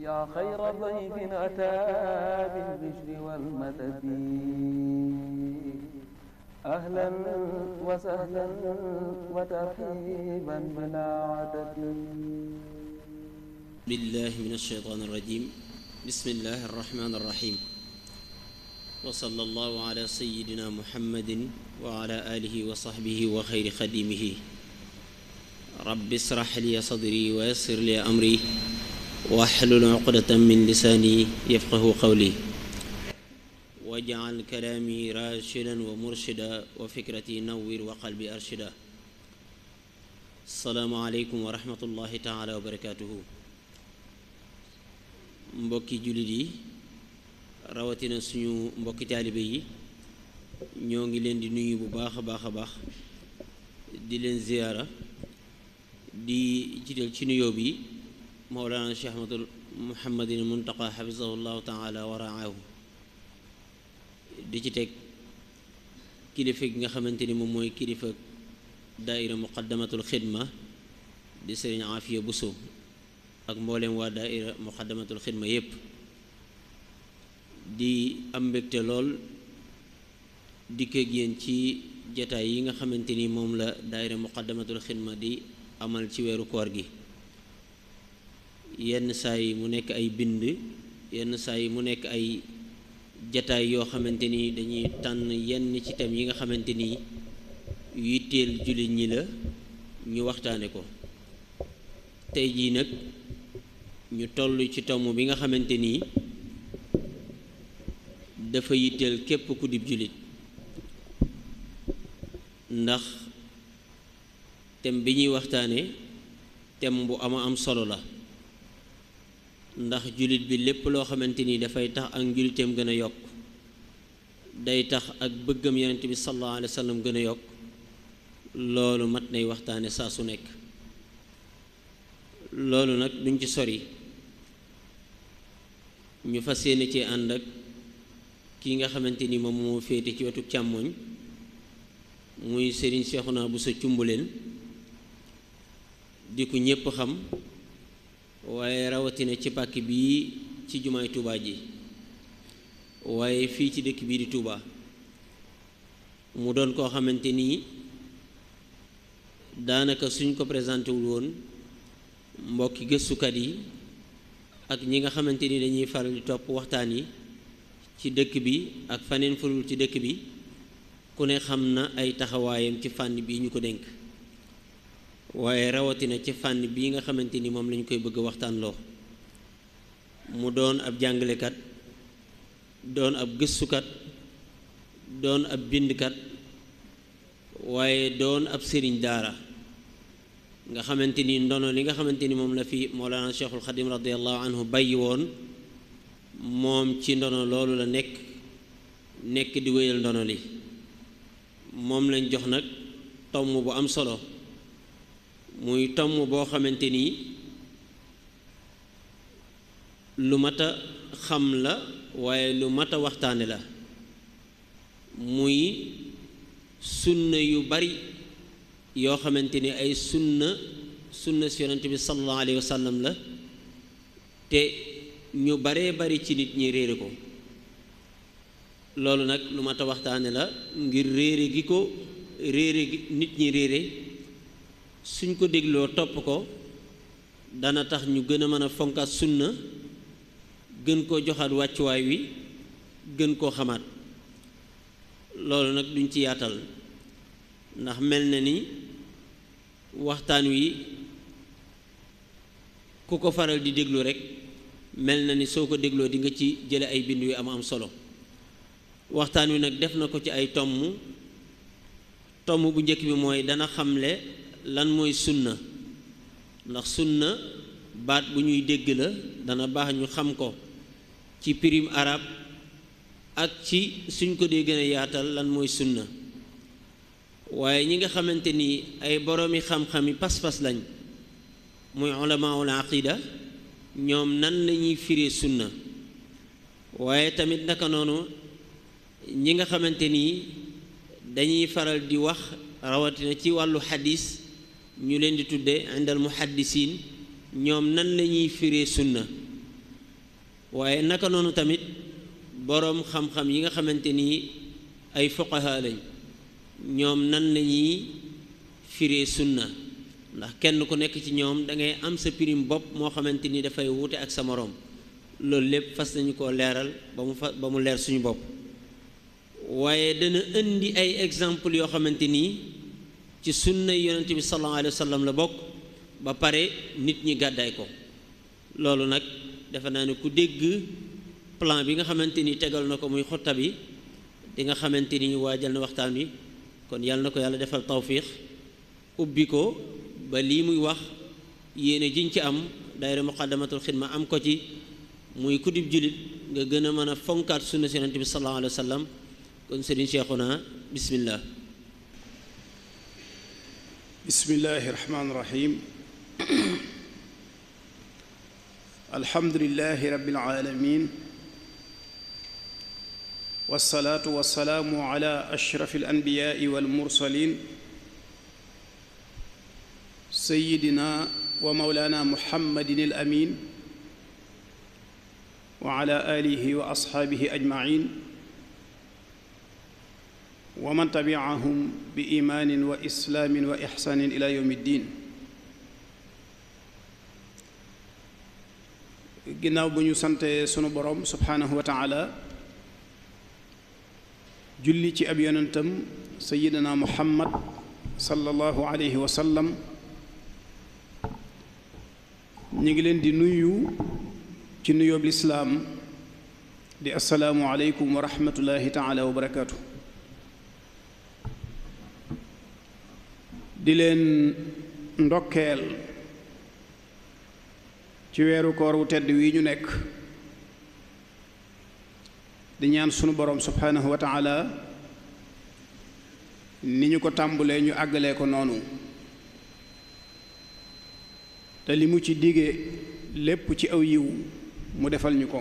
يا خير ضيف أتى بالبشر والمدد أهلا وسهلا وترحيبا بلا عدد الله من الشيطان الرجيم بسم الله الرحمن الرحيم وصلى الله على سيدنا محمد وعلى آله وصحبه وخير خديمه رب اسرح لي صدري ويسر لي أمري واحلل عقدة من لساني يفقه قولي واجعل كلامي راشدا ومرشدا وفكرتي نور وقلبي أرشدا السلام عليكم ورحمة الله تعالى وبركاته مبكي جلدي rawatina suñu mbokki talibé yi ñoo ngi leen di nuyu bu baax a baax زياره baax di leen ziara di jiital ci nuyoo bi مولانا الشيخ محمد المنتقى حفظه الله تعالى ورعاه di ci teg kilifa gi nga xamante ni moom mooy kilifa daaira muqaddamatul xidma di sëriñ Afiya Buso ak mbooleem waa daaira muqaddamatul xidma yépp di am mbégte lool dikk ak yéen ci jataay yi nga xamante ni moom la daaira muqaddamatul xidma di amal ci weeru koor gi yenn saa yi mu nekk ay bind yenn saa yi mu nekk ay jataay yoo xamante ni dañuy tànn yenn ci thèmes yi nga xamante ni yu yitteel jullit ñi la ñu waxtaane ko tey jii nag ñu toll ci tom bi nga xamante ni dafa yitteel képp ku dib jullit ndax thème bi ñuy waxtaane thème bu am a am solo la ndax jullit bi lépp loo xamante ni dafay tax ak njuliteem gën a yokk day tax ak bëggam yonent bi sallallahu alayhi wa gën a yokk loolu mat nay waxtaane saa su nekk loolu nag duñ ci sori ñu fas yéene ci ànd ak kii nga xamante ni moom moo féete ci wetu càmmooñ muy Serigne Cheikhouna Bousso Cumbuleen di ko ñépp xam waaye rawatina ci pàkk bii ci jumaay Tuubaa ji waaye fii ci dëkk bii di Tuubaa mu doon koo xamante nii daanaka suñ ko présenté wul woon mbokki gëstukat yi ak ñi nga xamante ni dañuy faral di topp waxtaan yi ci dëkk bi ak faneen farul ci dëkk bi ku ne xam na ay taxawaayam ci fànn bii ñu ko dénk waaye rawatina ci fànn bii nga xamante ni moom lañu koy bëgg waxtaanloo mu doon ab jàngalekat doon ab gëstukat doon ab bindkat waaye doon ab sëriñ daara nga xamante ni ndono li nga xamante ni moom la fi Mawlana Cheikhul Xadim radiallahu anhu bàyyi woon moom ci ndono loolu la nekk nekk di wéyal ndono li moom lañ jox nag tomm bu am solo muy tomm boo xamante ni lu mat a xam la waaye lu mat a waxtaane la muy sunna yu bari yoo xamante ni ay sunna sunna si yonent bi sallallahu alayhi la te ñu baree bari ci nit ñi réere ko loolu nag lu mat a waxtaane la ngir réere gi ko réere nit ñi réere suñ ko dégloo topp ko dana tax ñu gën a mën a fonkaat sunna gën koo joxaat wàccuwaay wi gën koo xamaat loolu nag duñ ci yaatal ndax mel na ni waxtaan wi ku ko faral di déglu rekk mel na ni soo ko dégloo dinga nga ci jële ay bind yu am am solo waxtaan wi nag def na ko ci ay tomm tomm bu njëkk bi mooy dana xamle lan mooy sunna ndax sunna baat bu ñuy dégg la dana baax ñu xam ko ci prime arab ak ci suñ ko dee gën yaatal lan mooy sunna waaye ñi nga xamante ni ay boroomi xam-xami pas-pas lañ muy ulamaul aqida ñoom nan lañuy fire sunna waaye tamit naka noonu ñi nga xamante ni dañuy faral di wax rawatina ci wàllu xadis ñu leen di tuddee indal muhaddisiin ñoom nan la ñuy firee sunna waaye naka noonu tamit boroom xam-xam yi nga xamante ni ay fuqaha lañ ñoom nan la ñuy firee sunna ndax kenn ku nekk ci ñoom da ngay am sa prime bopp moo xamante ni dafay wuute ak sa moroom loolu lépp fas nañu koo leeral ba mu fa ba mu leer suñu bopp waaye dana indi ay exemple yoo xamante nii ci sunna yonent bi sallallahu alayhi wa la bokk ba pare nit ñi gàddaay ko loolu nag defe naa ni ku dégg plan bi nga xamante ni tegal na ko muy xotta bi di nga xamante ni waajal na waxtaan wi kon yàlla na ko yàlla defal tawfiix ubbi ko ba lii muy wax yéene jiñ ci am daayira muqaddamatul xidma am ko ci muy kudib julit nga gën a mën a fonkaat sunna si yonent bi sallallahu alayhi wa sallam kon sëriñ Seexuna bismillah بسم الله الرحمن الرحيم الحمد لله رب العالمين والصلاة والسلام على أشرف الأنبياء والمرسلين سيدنا ومولانا محمد الأمين وعلى آله وأصحابه أجمعين ومن تبعهم بإيمان وإسلام وإحسان إلى يوم الدين ginnaaw bu ñu sante sunu borom subhaanahu wa taala julli ci ab yonentam sayidana muhammad sallallahu alayhi wa sallam ñu ngi leen di nuyu ci nuyoob lislaam di asalaamu aleykum wa rahmatullahi taala wa barakaatu di leen ndokkeel ci weeru koor wu tedd wii ñu nekk di ñaan sunu borom subhanahu wa taala ni ñu ko tàmbulee ñu àggalee ko noonu te li mu ci dige lépp ci aw yiw mu defal ñu ko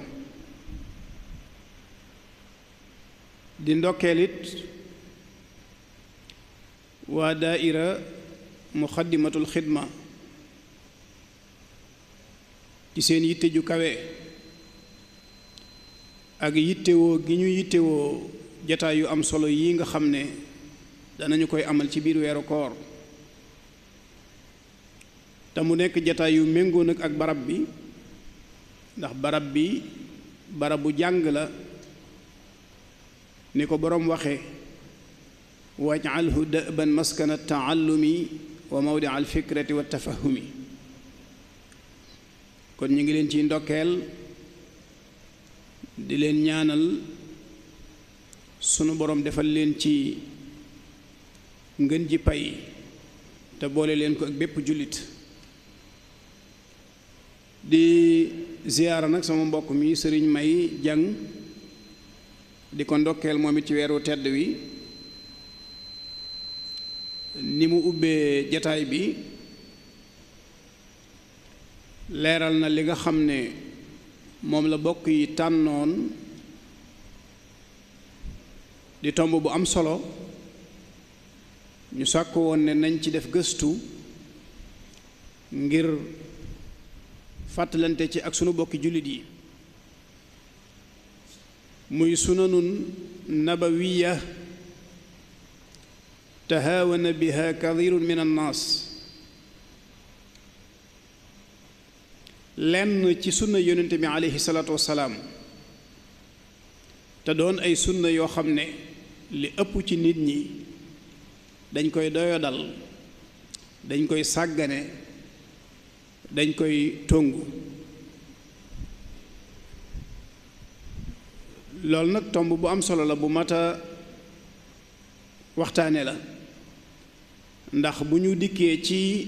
di ndokkeel it waa daa daaira muxaddimatul xidma ci seen yitte ju kawe ak yittewoo gi ñu yittewoo jataay yu am solo yi nga xam ne danañu koy amal ci biir weeru koor te mu nekk jataay yu méngoo nag ak barab bi ndax barab bi barab bu jàng la ni ko boroom waxe wajcalhu da'ban maskana taallumi wa mawdia alfikrati wa tafahumi kon ñu ngi leen ciy ndokkeel di leen ñaanal sunu boroom defal leen ci ngën ji pay te boole leen ko ak bépp jullit di ziyaara nag sama mbokk mi sëriñ may jang di ko ndokkeel moom it ci weeru tedd wi ni mu ubbee jataay bi leeral na li nga xam ne moom la bokk yi tànnoon di tomb bu am solo ñu sàkk woon ne nañ ci def gëstu ngir fàttalante ci ak sunu bokki jullit yi muy sunanun nabawiya تهاون بها كثير من الناس lenn ci sunna yonente bi aleyhi salaatu wasalaam te doon ay sunna yoo xam ne li ëpp ci nit ñi dañ koy doyodal dañ koy sàggane dañ koy tongu loolu nag tomb bu am solo la bu mat a waxtaane la ndax bu ñu dikkee ci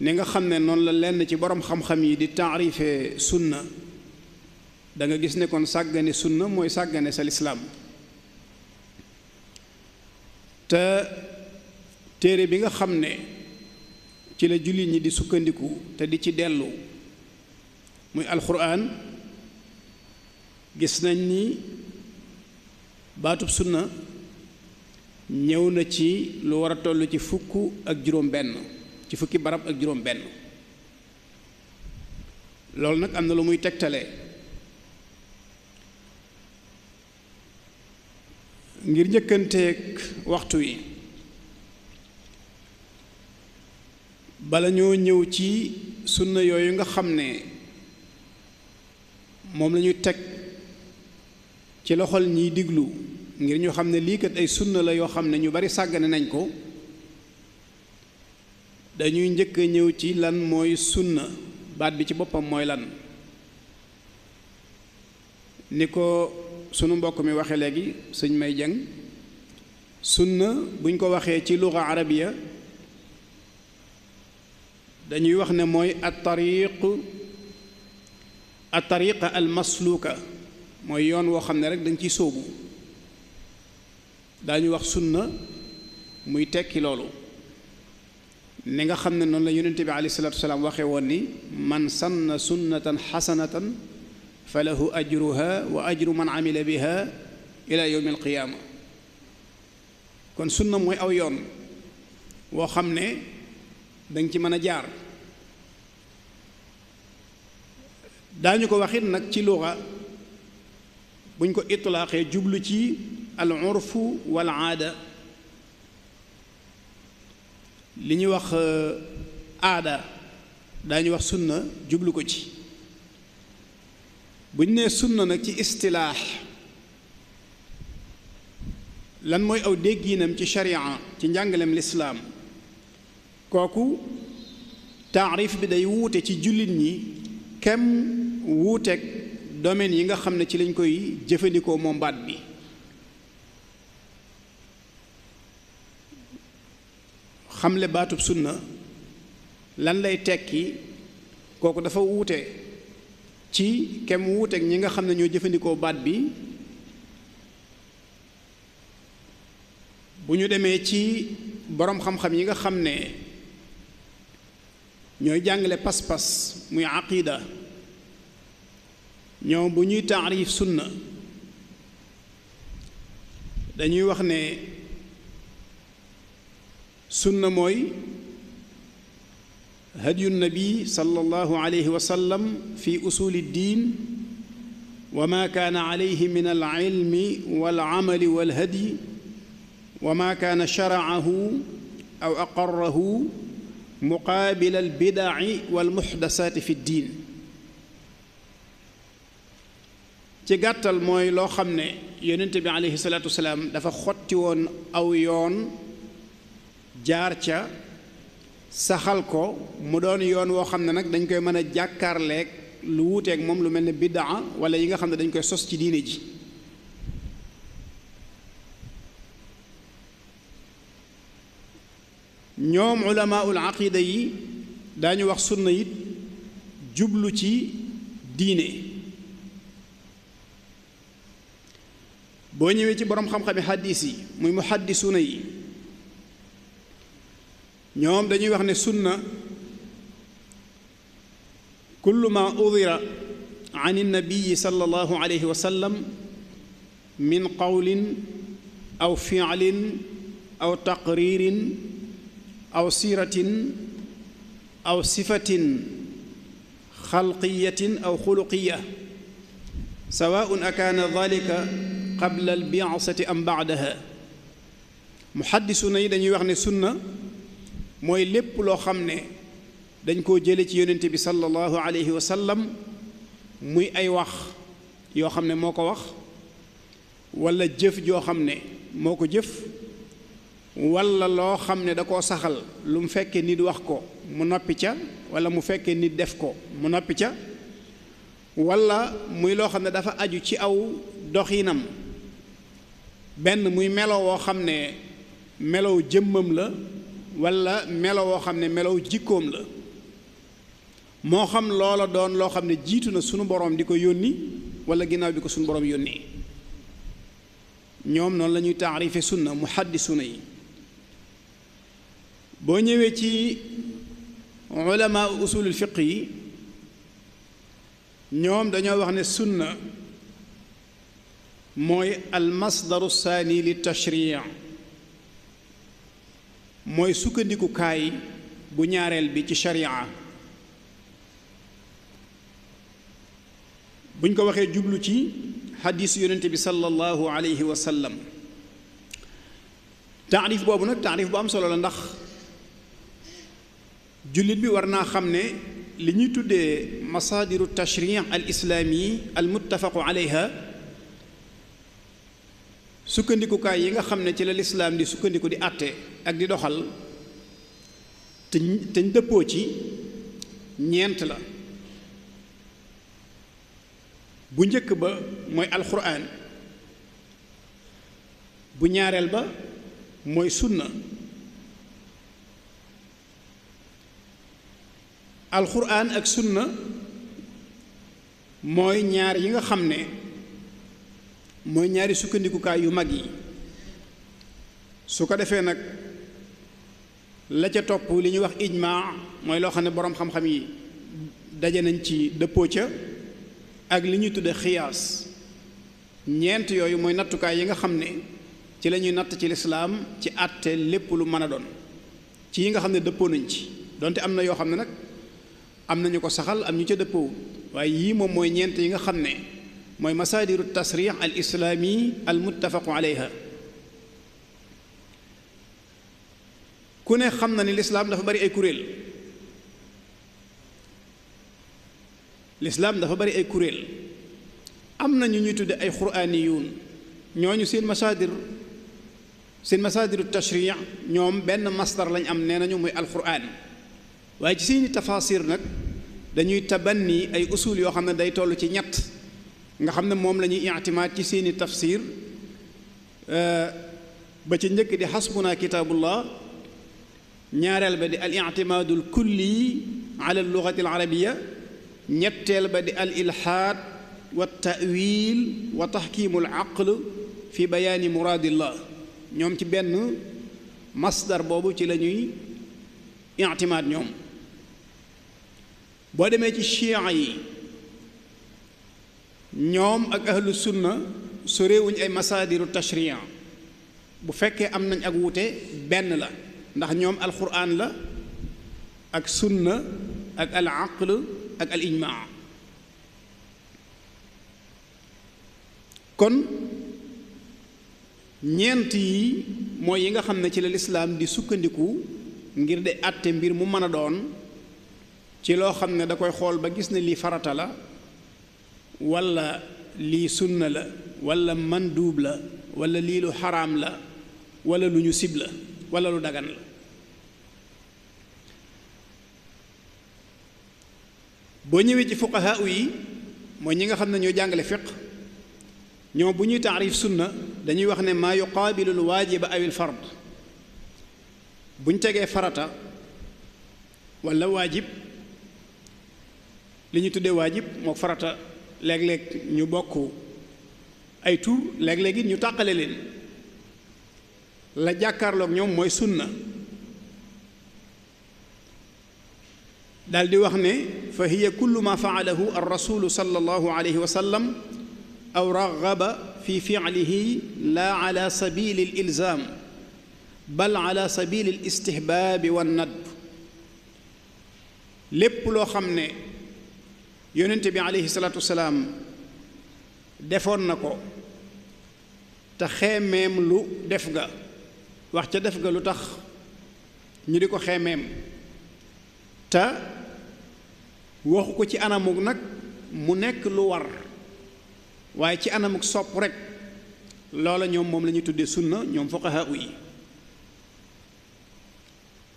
ni nga xam ne noonu la lenn ci boroom xam-xam yi di taarife sunna da nga gis ne kon sàggane sunna mooy sàggane sa lislaam te téere bi nga xam ne ci la jullit ñi di sukkandiku te di ci dellu muy alxuraan gis nañ ni baatub sunna ñëw na ci lu war a toll ci fukk ak juróom-benn ci fukki barab ak juróom loolu nag am na lu muy tegtale ngir njëkkanteeg waxtu wi bala ñoo ñëw ci sunna yooyu nga xam ne moom la teg ci loxol ñiy diglu. ngir ñu xam ne lii kat ay sunna la yoo xam ne ñu bari sàggane nañ ko dañuy njëkk a ñëw ci lan mooy sunna baat bi ci boppam mooy lan ni ko sunu mbokk mi waxee léegi sëñ may jang sunna buñ ko waxee ci luga arabiya dañuy wax ne mooy attariq attariqa almasluuka mooy yoon woo xam ne rek dañ ciy sóobu dañu wax sunna muy tekki lolu ni nga xamne non noonu la yonente bi alayhi salatu wasallam waxe won ni man sanna sunnatan hasanatan falahu ajruha wa ajru man amila biha ila yawm alqiyamah kon sunna moy aw yoon wo xamne ne ci mën jaar dañu ko waxit nak ci lugha buñ ko itlaqé jublu ci العرف والعادة لني وخ عادة آه، داني وخ سنة جبلو كوتي بني سنة نكي استلاح لن موي أو ديجينم تي شريعة تي الإسلام كوكو تعريف بداي ووتي تي جلين ني كم ووتك domaine yi nga xamne ci lañ koy jëfëndikoo moom baat bi xamle baatub sunna lan lay tekki kooku dafa wuute ci kem wuuteek ñi nga xam ne ñoo jëfandikoo baat bi bu ñu demee ci boroom xam-xam yi nga xam ne ñooy jàngale pas-pas muy aqida ñoom bu ñuy taarif sunna dañuy wax ne sunna mooy hadyu nabi sallallahu alayhi wa sallam fi usuli diin wa ma kaana alayhi min alilmi walamali walhadyi wa ma kaana sharaahu aw aqarrahu muqaabila albidaci walmuxdasaati fi diin ci gàttal mooy loo xam ne yonente bi alayhi salaatu wasalaam dafa xotti woon aw yoon jaar ca saxal ko mu doon yoon woo xam ne nag dañ koy mën a jàkkaarleeg lu wuuteeg moom lu mel ne biddaa wala yi nga xam ne dañ koy sos ci diine ji ñoom ulamaul aqida yi daañu wax sunna it jublu ci diine boo ñëwee ci boroom xam-xami xaddis yi muy muhaddisuuna yi ñoom dañuy wax ne sunna kullu ma udira an innabiyi sal allahu alayhi wa sallam min qawlin aw ficlin aw taqririn aw siratin aw sifatin خلقية أو خلقية سواء أكان ذلك قبل البعثة أم بعدها محدثون يدن يوغني سنة mooy lépp loo xam ne dañ koo jële ci yonente bi sallallahu alayhi wa sallam muy ay wax yoo xam ne moo wax wala jëf joo xam ne jëf wala loo xam da koo saxal lu mu fekkee nit wax ko mu noppi ca wala mu fekkee nit def ko mu noppi ca wala muy loo xam dafa aju ci aw doxinam benn muy melo woo xam ne jëmmam la wala melo woo xam ne melow jikkoom la moo xam loola doon loo xam ne jiitu na sunu borom di ko yónni wala ginnaaw bi ko sunu borom yónnee ñoom noonu la ñuy taarife sunna muhaddisuna yi boo ñëwee ci ulama usulul fiq yi ñoom dañoo wax ne sunna mooy al masdaru saani li tashriya mooy kay bu ñaarel bi ci sharia buñ ko waxe jublu ci hadith yonente bi sallallahu alayhi wa sallam ta'rif bobu nak ta'rif bu am solo la ndax jullit bi warna xamne li tashri al islami al muttafaq alayha sukkandikukaay yi nga xam ne ci la lislaam di sukkandiku di àtte ak di doxal te ñu dëppoo ci ñeent la bu njëkk ba mooy alxuraan bu ñaareel ba mooy sunna alxuraan ak sunna mooy ñaar yi nga xam ne mooy ñaari sukkandikukaay yu mag yi su ko defee nag la ca topp li ñuy wax ijmaa mooy loo xam ne boroom xam-xam yi daje nañ ci dëppoo ca ak li ñuy tudde xiyaas ñeent yooyu mooy nattukaay yi nga xam ne ci lañuy natt ci lislaam ci àtte lépp lu mën a doon ci yi nga xam ne dëppoo nañ ci donte am na yoo xam ne nag am na ñu ko saxal am ñu ca dëppoo waaye yii moom mooy ñeent yi nga xam ne mooy masaadiru tasrix al islami al muttafaqu aleyha ku ne xam na ni lislaam dafa bari ay kuréel lislaam dafa bari ay kuréel am na ñu ñuy tudde ay quraaniyuun ñooñu seen masaadir seen masaadiru tashriic ñoom benn masdar lañ am nee nañu muy alquraan waaye ci seeni tafaasir nag dañuy tabanni ay usul yoo xam day toll ci ñett nga xamne mom lañuy i'timad ci seeni tafsir euh ba ci ñëk di hasbuna kitabullah ñaareel ba di al ictimaadu al kulli ala al lugati al arabiya ñetteel ba di al ilhaad wa tawil wa taxkiimu al aql fi bayaani muraadillah ñoom ci benn masdar boobu ci la ñuy ictimaad ñoom boo ci chia yi ñoom ak ahlu sunna soréewuñ ay masaadiru tashrian bu fekkee am nañ ak wuute benn la ndax ñoom alquran la ak sunna ak al aql ak al ijmaa kon ñeent yi mooy yi nga xam ne ci la lislaam di sukkandiku ngir de àtte mbir mu mën a doon ci loo xam ne da koy xool ba gis ne lii farata la wala lii sunna la wala manduub la wala lii lu xaraam la wala lu ñu sib la wala lu dagan la boo ci fuqahaa yi mooy ñi nga ñoo jàngale fiq ñoo bu ñuy taarif sunna dañuy wax ne maa yuqaabilu l waajiba aw il fard bu ñu farata wala wajib li ñu tuddee waajib mook farata leg leg ñu bokku ay tour leg leg ñu takale leen la jakarlo ak ñom moy sunna daldi wax ne fa hiya kullu ma faalahu ar rasul sallallahu alayhi wa sallam aw raghaba fi fi'lihi la ala sabil al ilzam bal ala sabil al istihbaabi wan nadb lépp lo xamne yonent bi aleyhi salaatu wasalaam defoon na ko te xeemeem lu def ga wax ca def ga lu tax ñu di ko xeemeem te waxu ko ci anamuk nag mu nekk lu war waaye ci anamuk sopp rek loola ñoom moom la ñuy tuddee sunna ñoom fuqahaa yi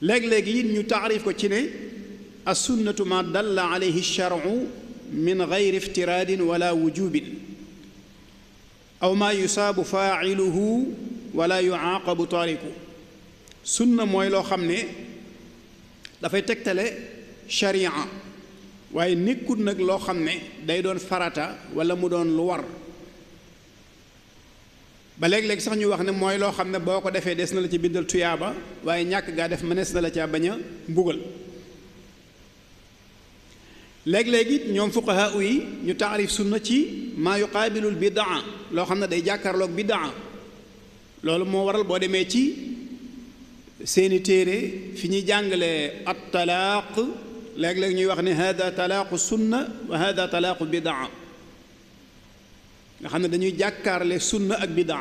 léeg-léegi it ñu taarif ko ci ne as sunnatu ma dalla alayhi charu من غير افتراد ولا وجوب أو ما يصاب فاعله wala yuaqabu taariku sunna mooy loo xam ne dafay tegtale sharia waaye nekkul nag loo xam ne day doon farata wala mu doon lu war ba léeg-léeg sax ñu wax ne mooy loo xam ne boo ko defee des na la ci bindal tuyaaba waaye ñàkk gaa def mënees na la caa bañ a mbugal leg legit it ñoom fuqahaa yi ñu ta'rif sunna ci ma yuqabilu al bid'a lo xamne day jàkkaarloog bid'a lolu mo waral bo deme ci seeni téré fi ñi jangale at talaq leg leg ñuy wax ni hada talaq sunna wa hada talaq bid'a nga xamne dañuy jakarle sunna ak bid'a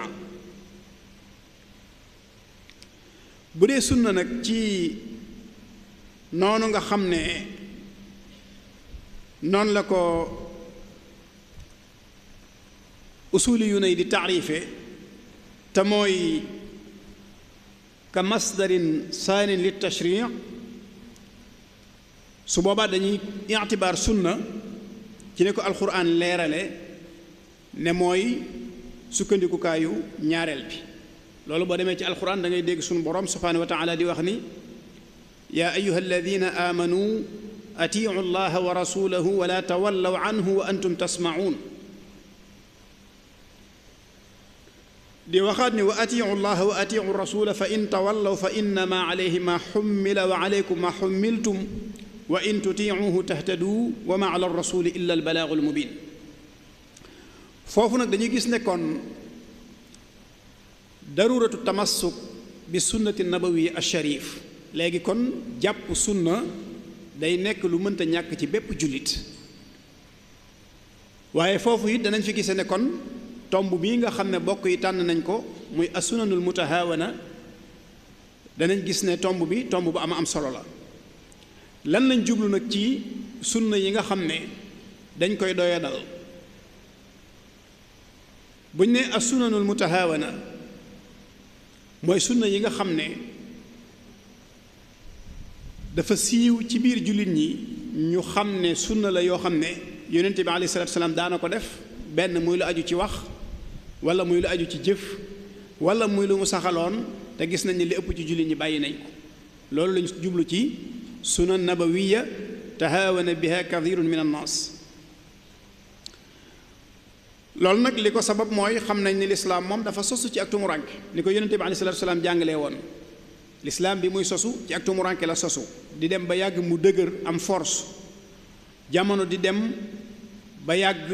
bu dé sunna nak ci nonu nga xamne noonu la ko usuli yu nay di taarife te mooy ka masdarin saanin li tashric su boobaa dañuy ictibaar sunna ci ne ko alquran leerale ne mooy sukkandikukaayu ñaareel bi loolu boo demee ci alquran da ngay dégg sunu borom subhaanahu wa taala di wax ni yaa ayuha alladina aamanu أتيعوا الله ورسوله ولا تولوا عنه وأنتم تسمعون دي وخدني وأتيعوا الله وأتيعوا الرسول فإن تولوا فإنما عليه ما حمل وعليكم ما حملتم وإن تطيعوه تهتدوا وما على الرسول إلا البلاغ المبين فوفنا نك دانيو غيس ضروره التمسك بالسنه النبويه الشريف لغي كون جاب سنه day nekk lu mënta ñàkk ci bépp jullit waaye foofu it danañ fi gise ne kon tomb bii nga xam ne bokk yi tànn nañ ko muy asunanul na danañ gis ne tomb bi tomb bu am am solo la lan lañ jublu nag ci sunna yi nga xam ne dañ koy doya dal buñ ne asunanul na mooy sunna yi nga xam ne dafa siiw ci biir julit ñi ñu xam ne sunna la yoo xam ne yonente bi alayhi salatu salaam daana ko def benn muy lu aju ci wax wala muy lu aju ci jëf wala muy lu mu saxaloon te gis nañ ne li ëpp ci julit ñi bàyyi nañ ko loolu lañ jublu ci sunan nabawiya tahawana biha kathirun min annas loolu nag li ko sabab mooy xam nañ ne lislaam moom dafa sosu ci ak tumurank ni ko yonente bi alayhi salatu salaam jàngalee woon l'islam bi muy sosu ci ak tumuranke la sosu di dem ba yàgg mu dëgër am force jamono di dem ba yàgg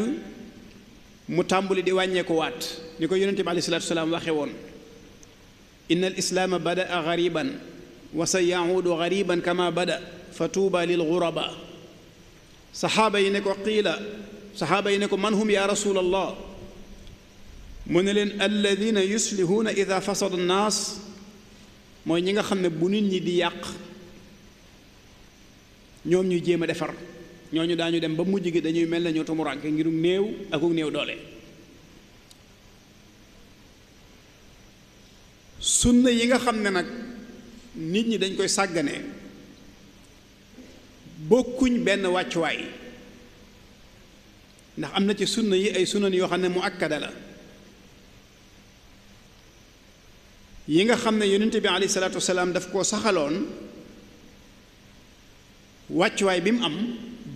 mu tàmbuli di wàññeeku waat ni ko yonente bi alei salatu waxe woon inna al badaa gariban wa sa yahuudu kama bada fatuba lil guraba sahaba yi ne ko qiila saxaaba yi ne ko man hum ya rasul allah mu ne leen alladina yuslihuuna ida fasada annaas mooy ñi nga xam ne bu nit ñi di yàq ñoom ñuy jéem a defar ñu daañu dem ba mujj gi dañuy mel ne ñu tumuraanke ngirum néew ak néew doole sunna yi nga xam ne nag nit ñi dañ koy sàggane bokkuñ benn wàccuwaay ndax am na ci sunna yi ay sunan yoo xam ne mu akkada la yi nga xam ne yonent bi alayhi salaatu wasalaam daf koo saxaloon wàccuwaay bi mu am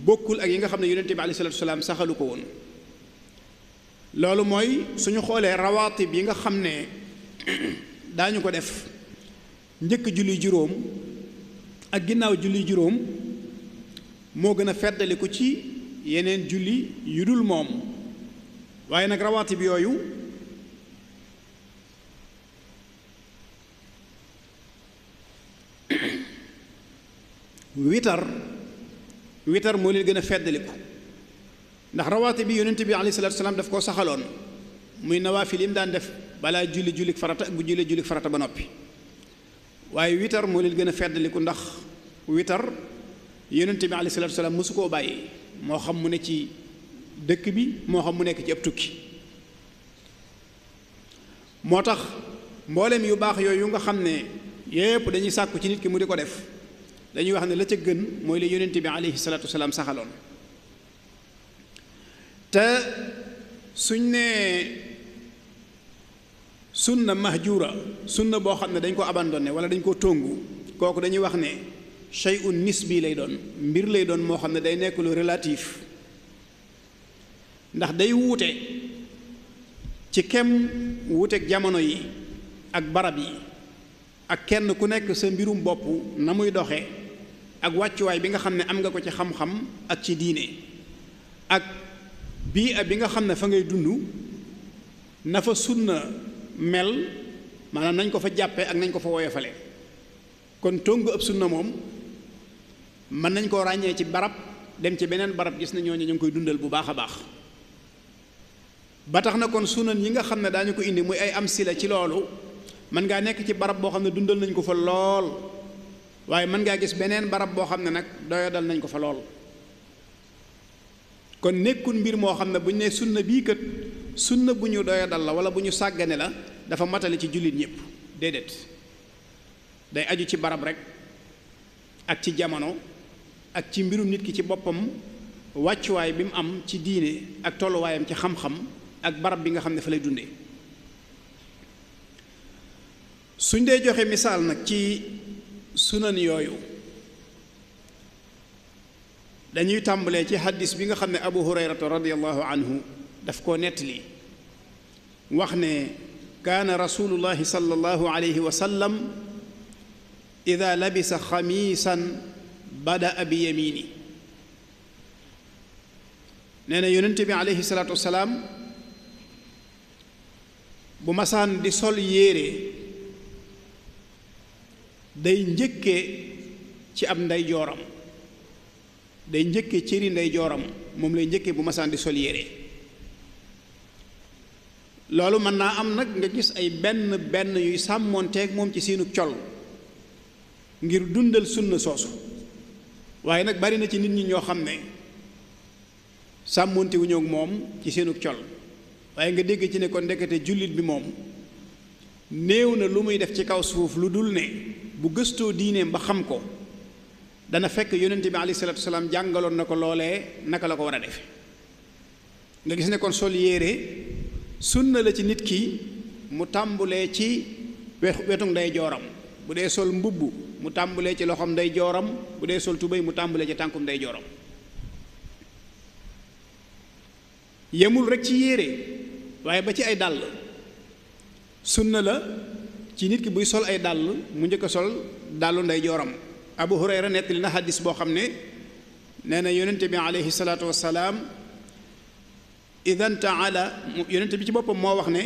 bokkul ak yi nga xam ne yonent bi alayhi salaatu wasalaam saxalu ko woon loolu mooy suñu xoolee rawaatib yi nga xam ne daañu ko def njëkk julli juróom ak ginnaaw julli juróom moo gën a feddaliku ci yeneen julli yu dul moom waaye nag rawaatib yooyu witar witar moo leen gën a feddaliku ndax rawaate bi yonent bi alayhi salaatu salaam daf koo saxaloon muy nawaafil yi mu daan def balaa julli jullik farata ak bu julli jullik farata ba noppi waaye witar moo leen gën a feddaliku ndax witar yonent bi alayhi salaatu salaam mësu koo bàyyi moo xam mu ne ci dëkk bi moo xam mu nekk ci ab tukki moo tax mboolem yu baax yooyu nga xam ne yépp dañuy sàkku ci nit ki mu di ko def dañuy wax ne la ca gën mooy la yonent bi aleyhi salaatu wasalaam saxaloon te suñ ne sunna mahjura sunna boo xam ne dañ ko abandonné wala dañ ko tongu kooku dañuy wax ne shay'un bii lay doon mbir lay doon moo xam ne day nekk lu relatif ndax day wuute ci kem wuuteeg jamono yi ak barab yi ak kenn ku nekk sa mbirum bopp na muy doxee ak wàccuwaay bi nga xam ne am nga ko ci xam-xam ak ci diine ak bii ab bi nga xam ne fa ngay dund na fa sunna mel maanaam nañ ko fa jàppe ak nañ ko fa woyofale kon tongu ab na moom mën nañ koo ràññee ci barab dem ci beneen barab gis na ñooñu ñu ngi koy dundal bu baax a baax ba tax na kon sunan yi nga xam ne daañu ko indi muy ay am sila ci loolu mën ngaa nekk ci barab boo xam ne dundal nañ ko fa lool waaye mën ngaa gis beneen barab boo xam ne nag doyadal dal nañ ko fa lool kon nekkul mbir moo xam ne bu ñu nee sunna bii kat sunna bu ñu doyadal la wala bu ñu sàggane la dafa matale ci jullit ñépp déedéet day aju ci barab rek ak ci jamono ak ci mbirum nit ki ci boppam wàccuwaay bi mu am ci diine ak tolluwaayam ci xam-xam ak barab bi nga xam ne fa lay dunde suñ dee joxe misaal nag ci sunan yooyu dañuy tàmbalee ci xaddis bi nga xam ne abu hurayrata radiallahu anhu daf koo nettali wax ne kaana rasulullahi sallallahu alayhi wa sallam ida labisa xamiisan badaa bi yamini nee na yonente bi alayhi salaatu wasalaam bu masaan di sol yéere day njëkke ci ab ndeyjooram day njëkke cëri nday moom lay njëkkee bu masaan di sol yére loolu mën naa am nag nga gis ay benn benn yuy sàmmoonteeg moom ci seenu col ngir dundal sunna soosu waaye nag bari na ci nit ñi ñoo xam ne sàmmoonte wu ñëw moom ci seenu col waaye nga dégg ci ne ko ndekete jullit bi moom néew na lu muy def ci kaw suuf lu dul ne bu gëstoo diineem ba xam ko dana fekk yonente bi alayhi salaatu salaam jàngaloon na ko loolee naka la ko war a defe nga gis ne kon sol yére sunna la ci nit ki mu tàmbulee ci wetu nday jooram bu dee sol mbubb mu tàmbulee ci loxoom nday jooram bu dee sol tubéy mu tàmbulee ci tànkum nday jooram yemul rek ci yére waaye ba ci ay dàll sunna la ci nit ki buy sol ay dàll mu njëkk a sol dàllu nday jooram abu hurayra nettali na xadis boo xam ne nee na yonente bi alayhi salaatu wasalaam idan taala yonente bi ci boppam moo wax ne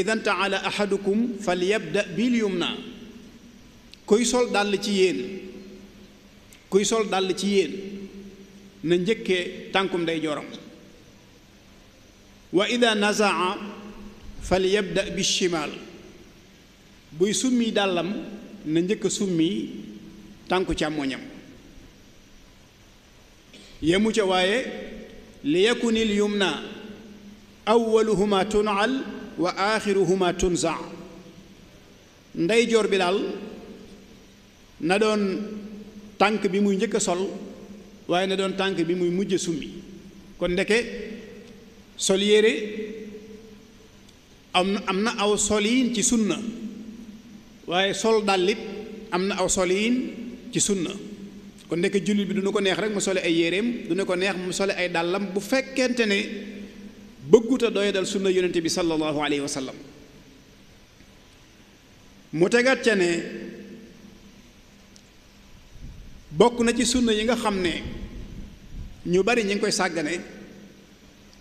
idan taala ahadukum fal yabda bil yumna kuy sol dàll ci yéen kuy sol dàll ci yéen na njëkkee tànkum nday jooram wa ida nazaa fal yabda bi shimaal buy summi dàllam na njëkk a summi tànku càmmoñam yemu ca waaye li yakunil yumna awwaluhuma tunal wa aaxiruhuma tunza ndeyjoor bi daal na doon tànk bi muy njëkk a sol waaye na doon tànk bi muy mujj summi kon ndeke sol yére am am na aw soliin ci sunna waaye sol dàll it am na aw soliin ci sunna kon ndekk jullit bi du na ko neex rek mu sole ay yéreem du na ko neex mu sole ay dàllam bu fekkente ne bëgguta doy dal sunna yonente bi sallallahu alayhi wa sallam mu tegaat ca ne bokk na ci sunna yi nga xam ne ñu bari ñu ngi koy sàggane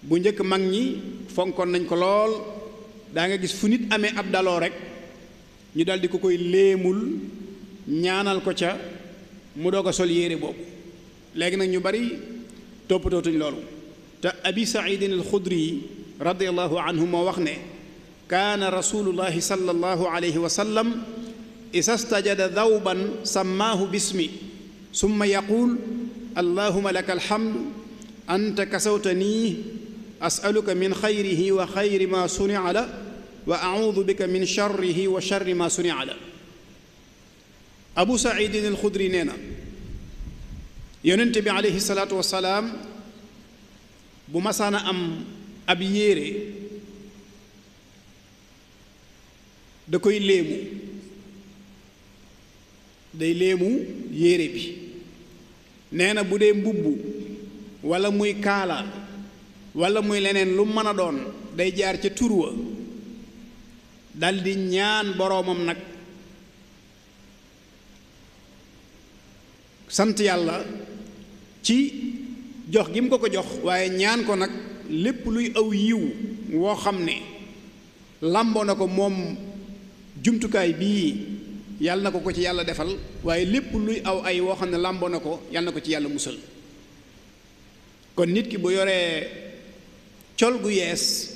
bu njëkk mag ñi fonkoon nañ ko lool daa nga gis fu nit amee ab daloo rek ñu daal di ko koy léemul ñaanal ko ca mu doog a sol yére boobu legi nak ñu bari toppatootuñ loolu te abi saïd al khudri radiyallahu anhu moo wax ne kaana rasulullahi sallallahu alayhi wa sallam isa stajada dawban bismi summa yaquul allahuma laka alhamdu anta kasawtanii asaluka min xayrihi wa xayri ma sunia وأعوذ بك من شره وشر ما صنع له أبو سعيد الخدري نينا يننتبي عليه الصلاة والسلام بمسانا أم أبييري دكوي ليمو day leemu yéere bi nee na bu dee mbubb wala muy kaala wala muy leneen lu mën a doon day jaar ca turwa daldi ñaan boroomam nag sant yàlla ci jox gi mu ko ko jox waaye ñaan ko nag lépp luy aw yiw woo xam ne làmboo na ko moom jumtukaay bii yàlla na ko ko ci yàlla defal waaye lépp luy aw ay woo xam ne làmboo na ko yàlla ko ci yàlla musal kon nit ki bu yore col gu yees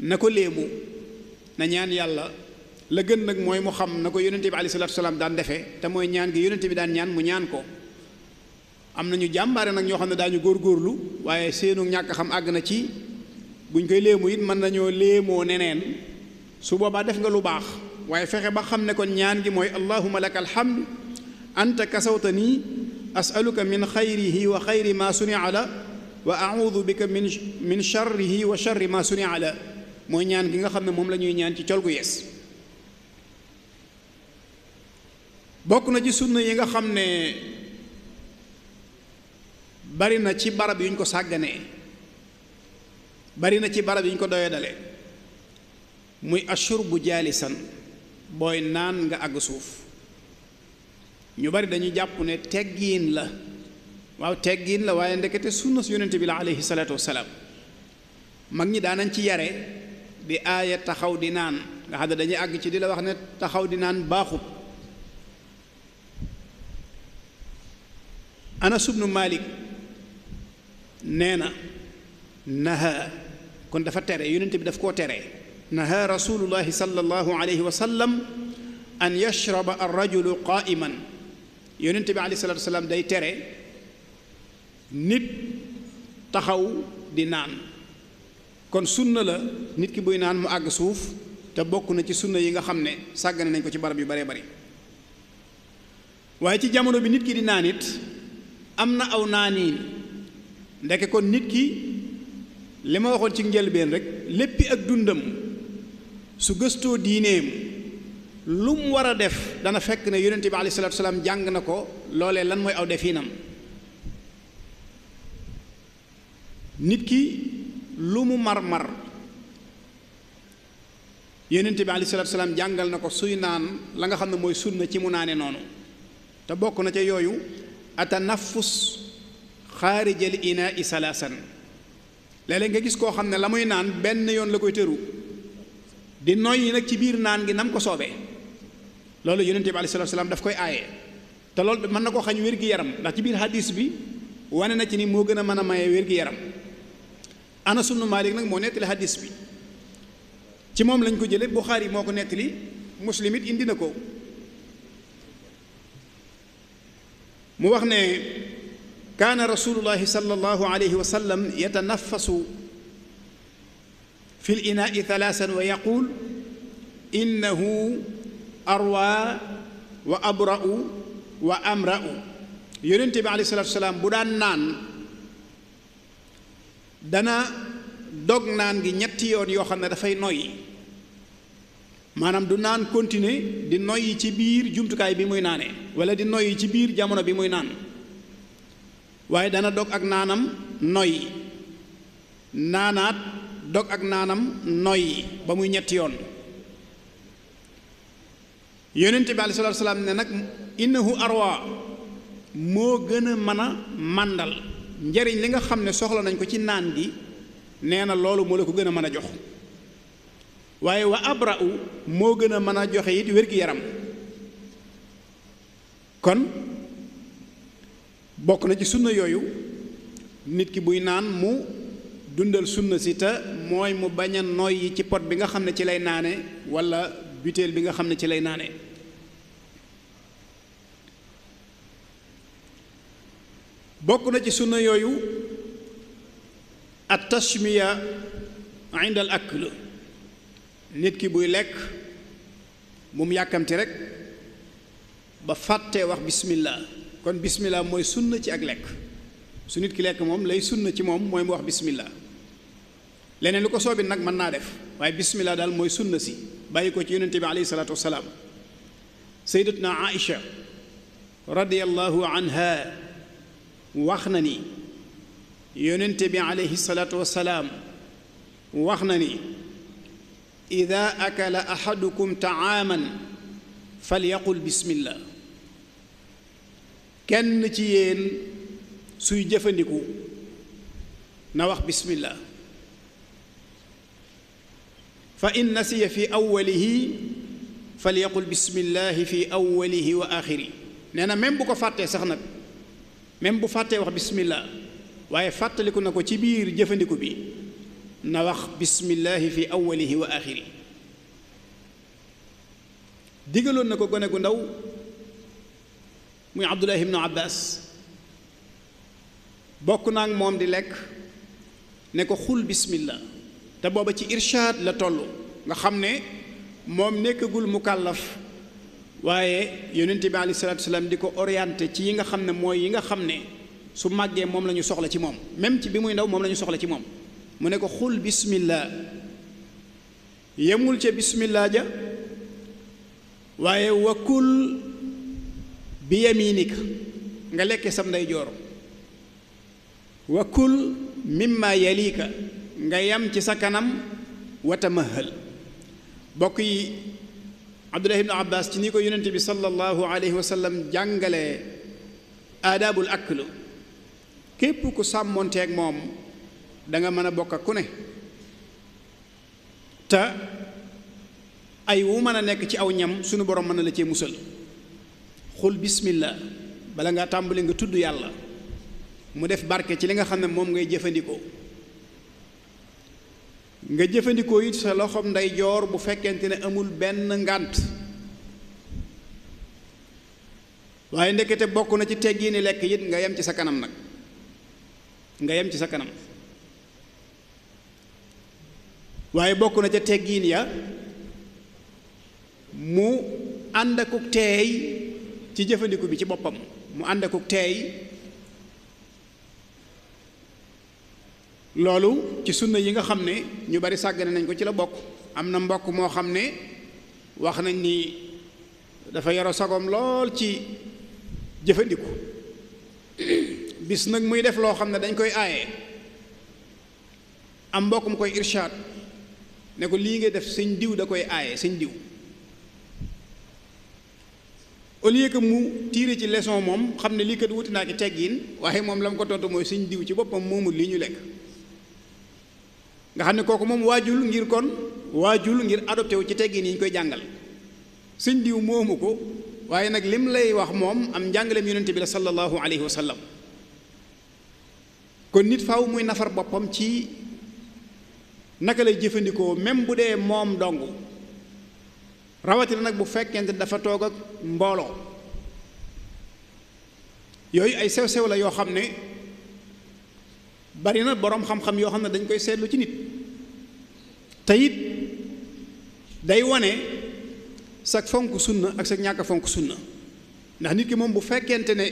na ko léemu na ñaan yàlla la gën nag mooy mu xam na ko yonente bi alei salatu salaam daan defee te mooy ñaan gi yonente bi daan ñaan mu ñaan ko am nañu jàmbaare nag ñoo xam ne daañu góorgóorlu waaye seenu ñàkk xam àgg na ci buñ koy léemu it mën nañoo léemoo neneen su boobaa def nga lu baax waaye fexe ba xam ne kon ñaan gi mooy allahuma laka alhamd anta kasawta nii asaluka min xayrihi wa xayri ma sunia la wa audu bika min min charrihi wa charri ma sunia la mooy ñaan gi nga xam ne moom la ñuy ñaan ci col gu yees bokk na ci sunna yi nga xam ne bari na ci barab yu ñu ko sàgganee bari na ci barab yu ñu ko doyadale muy ashur bu jaalisan booy naan nga àgg suuf ñu bari dañuy jàpp ne teggiin la waaw teggiin la waaye ndekete sunna su yonente bi la aleyhi salaatu wasalaam mag ñi daanañ ci yare di aaya taxaw di naan nga xam ne dañuy àgg ci di la wax ne taxaw di naan baaxut Anas ibnu Malik nee na naha kon dafa tere yonent bi daf koo tere naha rasulullahi sallallahu alayhi wa sallam an yashraba arrajulu qaa'iman yonent bi alayhi salatu wasalaam day tere nit taxaw di naan kon sunna la nit ki buy naan mu àgg suuf te bokk na ci sunna yi nga xam ne sàggane nañ ko ci barab yu bare bari waaye ci jamono bi nit ki di naan it am na aw naaniin ndeke kon nit ki li ma waxoon ci njëlbeen rek léppi ak dundam su gëstoo diineem lu mu war a def dana fekk ne yonente bi alayhi salaatu salaam jàng na ko loolee lan mooy aw defiinam nit ki lu mu mar-mar yonent bi aleyhi salaatu jàngal na ko suy naan la nga xam ne mooy sunna ci mu naane noonu te bokk na ca yooyu atanafus xaarijal inaa i salaasan léeg-léeg nga gis koo xam ne la muy naan benn yoon la koy tëru di noyyi nag ci biir naan gi nam ko soobee loolu yonent bi aleyhi salaatu salaam daf koy aaye te loolu mën na ko xañ wér-gi-yaram ndax ci biir hadis bi wane na ci ni moo gën a mën a maye wér-gi-yaram anas ibnu malik nag moo nettali hadis bi ci moom lañ ko jële buxaari moo ko nettali muslim indi mu wax ne كان رسول الله صلى الله عليه وسلم يتنفس في الإناء ثلاثا ويقول إنه أروى وأبرأ وأمرأ يونتي عليه الصلاة والسلام بدان نان dana dog naan gi ñetti yoon yoo xam ne dafay noyyi maanaam du naan continuer di noyyi ci biir jumtukaay bi muy naanee wala di noyyi ci biir jamono bi muy naan waaye dana dog ak naanam noyyi naanaat dog ak naanam noyyi ba muy ñetti yoon yonente bi alayhi salaatu salaam ne nag innahu arwa moo gën a mën a màndal njariñ li nga xam ne soxla nañ ko ci naan gi nee na loolu moo la ko gën a mën a jox waaye wa abra'u moo gën a mën a joxe it wér-gi-yaram kon bokk na ci sunna yooyu nit ki buy naan mu dundal sunna si te mooy mu bañ a noyyi ci pot bi nga xam ne ci lay naane walla butéel bi nga xam ne ci lay naane bokk na ci sunna yooyu at tashmiya inda al akl nit ki buy lekk mum yàkkamti rek ba fàttee wax bismillah kon bismillah mooy sunna ci ak lekk su nit ki lekk moom lay sunna ci moom mooy mu wax bismillah leneen lu ko soobi nag mën naa def waaye bismillah daal mooy sunna si bàyyi ko ci yonente bi alayhi salaatu wasalaam sayyidatna aïcha radiallahu anha wax na ni yonente bi alayhi salaatu wasalaam wax na ni ida akala ahadukum taaman falyaqul bismillah kenn ci yéen suy jëfandiku na wax bismillah fa in nasiya fi awwalihi falyaqul bismillahi fi awwalihi wa axiri nee na même bu ko fàttee sax nag même bu fàttee wax bismillah waaye fàttaliku na ko ci biir jëfandiku bi na wax bismillahi fi awalihi wa axiri digaloon na ko gone gu ndaw muy abdullahi ibnu abbas bokk naa ak moom di lekk ne ko xul bismillah te booba ci irshad la toll nga xam ne moom nekkagul mukallaf waaye yonent bi aleyhi salaam di ko orienté ci yi nga xam ne mooy yi nga xam ne su màggee moom la ñu soxla ci moom même ci bi muy ndaw moom la ñu soxla ci moom mu ne ko xul bismillah yemul ci bismillah ja waaye wakkul bi yaminika nga lekke sam nday wakkul wakul mimma yalika nga yam ci sa kanam watamahal bokk yi abdulahi ibnu abbas ci ni ko yonente bi sallallahu alayhi wa sallam jàngale aadaabul ak aklu képp ku sàmmonteeg moom da nga mën a bokk ak ku ne te ay wu mën a nekk ci aw ñam sunu borom mën na la cee musal xul bismillah bala ngaa tàmbali nga tudd yàlla mu def barke ci li nga xam ne moom ngay jëfandikoo nga jëfandikoo it sa loxoom ndeyjoor bu fekkente ne amul benn ngànt waaye ndekete bokk na ci teggiini lekk it nga yem ci sa kanam nag nga yem ci sa kanam waaye bokk na ca teggiin ya mu ànd akuk teey ci jëfandiku bi ci boppam mu ànd akuk teey loolu ci sunna yi nga xam ne ñu bari sàggane nañ ko ci la bokk am na mbokk moo xam ne wax nañ ni dafa yaro sagom lool ci jëfandiku bis nag muy def loo xam ne dañ koy aaye am mbokk mu koy irshaad ne ko lii ngay def sëñ diw da koy aaye sëñ diw au lieu que mu tiire ci leçon moom xam ne lii kat wuti naa ki teggin waaye moom la mu ko tontu mooy sëñ diw ci boppam moomul lii ñu lekk nga xam ne kooku moom waajul ngir kon waajul ngir adopté wu ci teggin yi ñu koy jàngale sëñ diw moomu ko waaye nag lim lay wax moom am njàngaleem yonente bi la sallallahu alayhi wa sallam kon nit faw muy nafar boppam ci naka lay jëfandikoo même bu dee moom dong rawatina nag bu fekkente dafa toog ak mbooloo yooyu ay sew-sew la yoo xam ne bari na boroom xam-xam yoo xam ne dañ koy seetlu ci nit te it day wane sa fonk sunna ak sa ñàkk fonk sunna ndax nit ki moom bu fekkente ne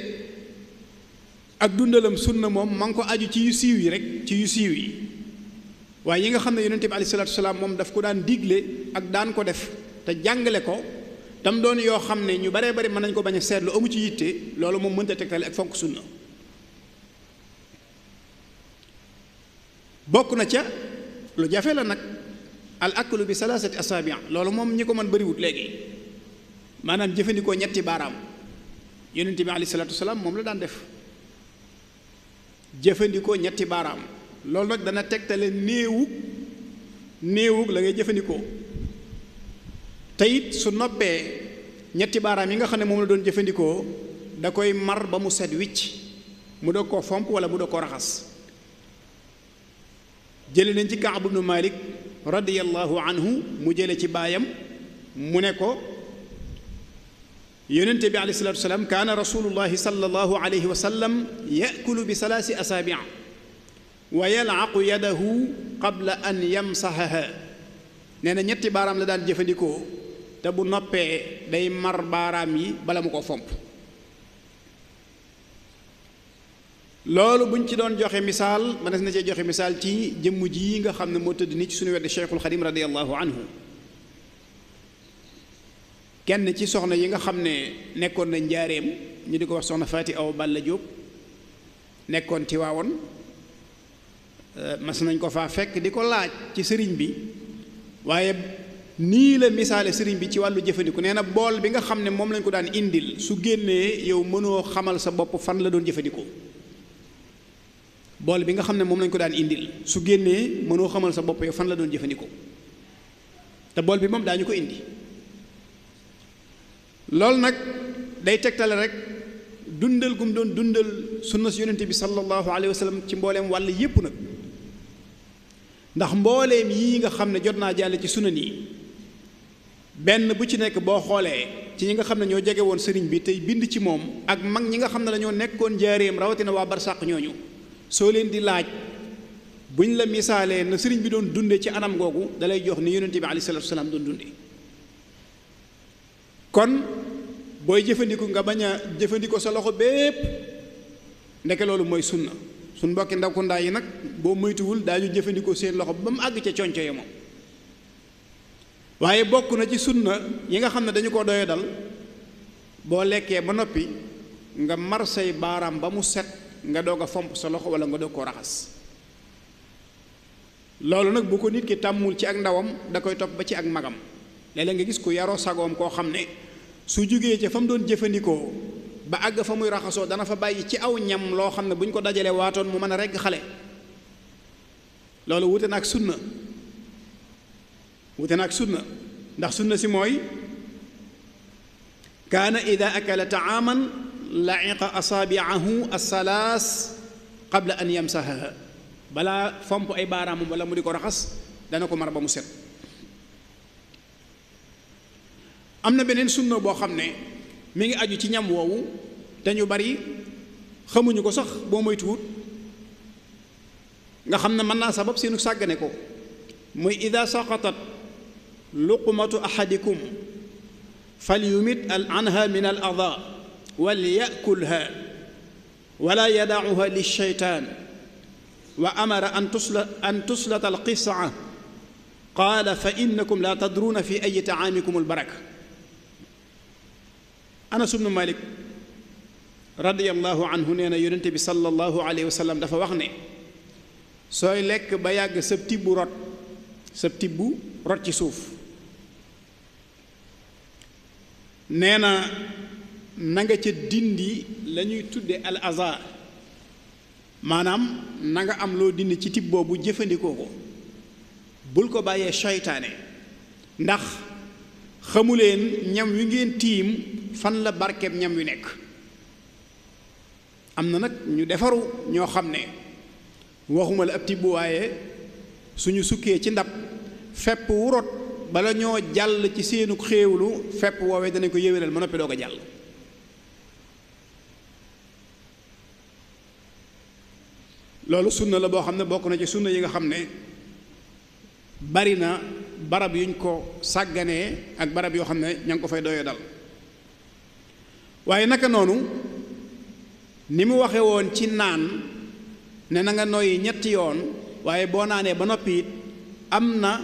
ak dundalam sunna moom ma ko aju ci yu siiw yi rek ci yu siiw yi waaye yi nga xam ne yonente bi aleyhi salaatu salaam moom daf ko daan digle ak daan ko def te jàngale ko tam doon yoo xam ne ñu baree bari mën nañ ko bañ a seetlu amu ci yitte loolu moom mënta tegtale ak fonk sunna bokku na ca lu jafé la nak al aklu bi salasati asabi' lolu mom ñiko man bari wut légui manam jëfëndiko ñetti baram yonnati bi alayhi salatu wassalam mom la daan def jëfëndiko ñetti baram lolu nak dana tektalé néewu néewu la ngay jëfëndiko tayit su noppé ñetti baram yi nga xamné mom la doon jëfëndiko da koy mar ba mu set wicc mu do ko fomp wala mu do ko raxas جل نجى كعب بن مالك رضي الله عنه مجهل تبايم منكو ينتبه عليه الصلاة والسلام كان رسول الله صلى الله عليه وسلم يأكل بسلاس أسابيع ويلعق يده قبل أن يمسحها نحن نتبارم لدان جفدكو تبو نبي دي مر بلا مكو loolu buñ ci doon joxe misaal mënees na cee joxe misaal ci jëmm ji nga xam ne moo tëdd ni ci suñu wedd Cheikhul Xadim radiyallahu anhu kenn ci soxna yi nga xam ne nekkoon na njaareem ñu di ko wax soxna Faati Awa la jóg nekkoon ci waawoon euh, mas nañ ko faa fekk di ko laaj ci sëriñ bi waaye nii la misaale sëriñ bi ci wàllu jëfandiku nee na bool bi nga xam ne moom lañ ko daan indil su génnee yow mënoo xamal sa bopp fan la doon jëfandikoo bool bi nga xam ne moom lañ ko daan indil su génnee mënoo xamal sa bopp yow fan la doon jëfandikoo te bool bi moom daañu ko indi loolu nag day tegtale rek dundal gum doon dundal sunna si bi sallallahu alayhi wa sallam ci mbooleem wàll yépp nag ndax mbooleem yi nga xam ne jot naa jàll ci sunan yi benn bu ci nekk boo xoolee ci ñi nga xam ne ñoo jege woon sëriñ bi tey bind ci moom ak mag ñi nga xam ne dañoo nekkoon njaareem rawatina waa bar barsàq ñooñu soo leen di laaj buñ la misaalee na sëriñ bi doon dunde ci anam googu dalay jox ni yonente bi alayhi salaatu salaam doon dunde kon booy jëfandiku nga bañ a jëfandikoo sa loxo bépp ndeke loolu mooy sunna suñ mbokki ndaw kundaa yi nag boo moytuwul daañu jëfandikoo seen loxo ba mu àgg ca conco ya moom waaye bokk na ci sunna yi nga xam ne dañu ko doyadal boo lekkee ba noppi nga mar say baaraam ba mu set nga doog a fomp sa loxo wala nga doog ko raxas loolu nag bu ko nit ki tàmmul ci ak ndawam da koy topp ba ci ak magam léeg nga gis ku yaroo sagoom koo xam ne su jógee ca fa mu doon jëfandikoo ba àgg fa muy raxasoo dana fa bàyyi ci aw ñam loo xam ne buñ ko dajalee waatoon mu mën a regg xale loolu wute na ak sunna wute na ak sunna ndax sunna si mooy kaana ida akala taaman لعق أصابعه الثلاث قبل أن يمسحها بلا فمبو أي بارام بلا مولي كرخص دانا كمار بمسر أمنا بنين سنة بو من مين أجو تنيام وو تنيو باري خمو نيكو سخ بو ميتور نا منا سبب سينو ساقنكو مي إذا سقطت لقمة أحدكم فليمت عنها من الأضاء ولياكلها ولا يدعها للشيطان وامر ان تسلط ان تسلط القصعه قال فانكم لا تدرون في اي تعامكم البركه انس بن مالك رضي الله عنه ننا يونت بي صلى الله عليه وسلم دا فاخني سوي ليك با ياغ سب تيبو روت سب تيبو روت سي سوف ننا na nga ca dindi la ñuy tudde al azar maanaam nanga am loo dindi ci tib boobu jëfandikoo ko bul ko bàyyee seytaane ndax xamuleen ñam wi ngeen tiim fan la barkeb ñam wi nekk am na nag ñu defaru ñoo xam ne waxuma la ab tibb waaye suñu sukkee ci ndab fepp wurot bala ñoo jàll ci seenu xéewlu fepp woowee danañ ko yéwénal ma noppi doo ko jàll loolu sunna la boo xam ne bokk na ci sunna yi nga xam ne bari na barab yuñ ko sàgganee ak barab yoo xam ne ña ngi ko fay doyee dal waaye naka noonu ni mu waxe woon ci naan ne na nga noyyi ñetti yoon waaye boo naanee ba noppi it am na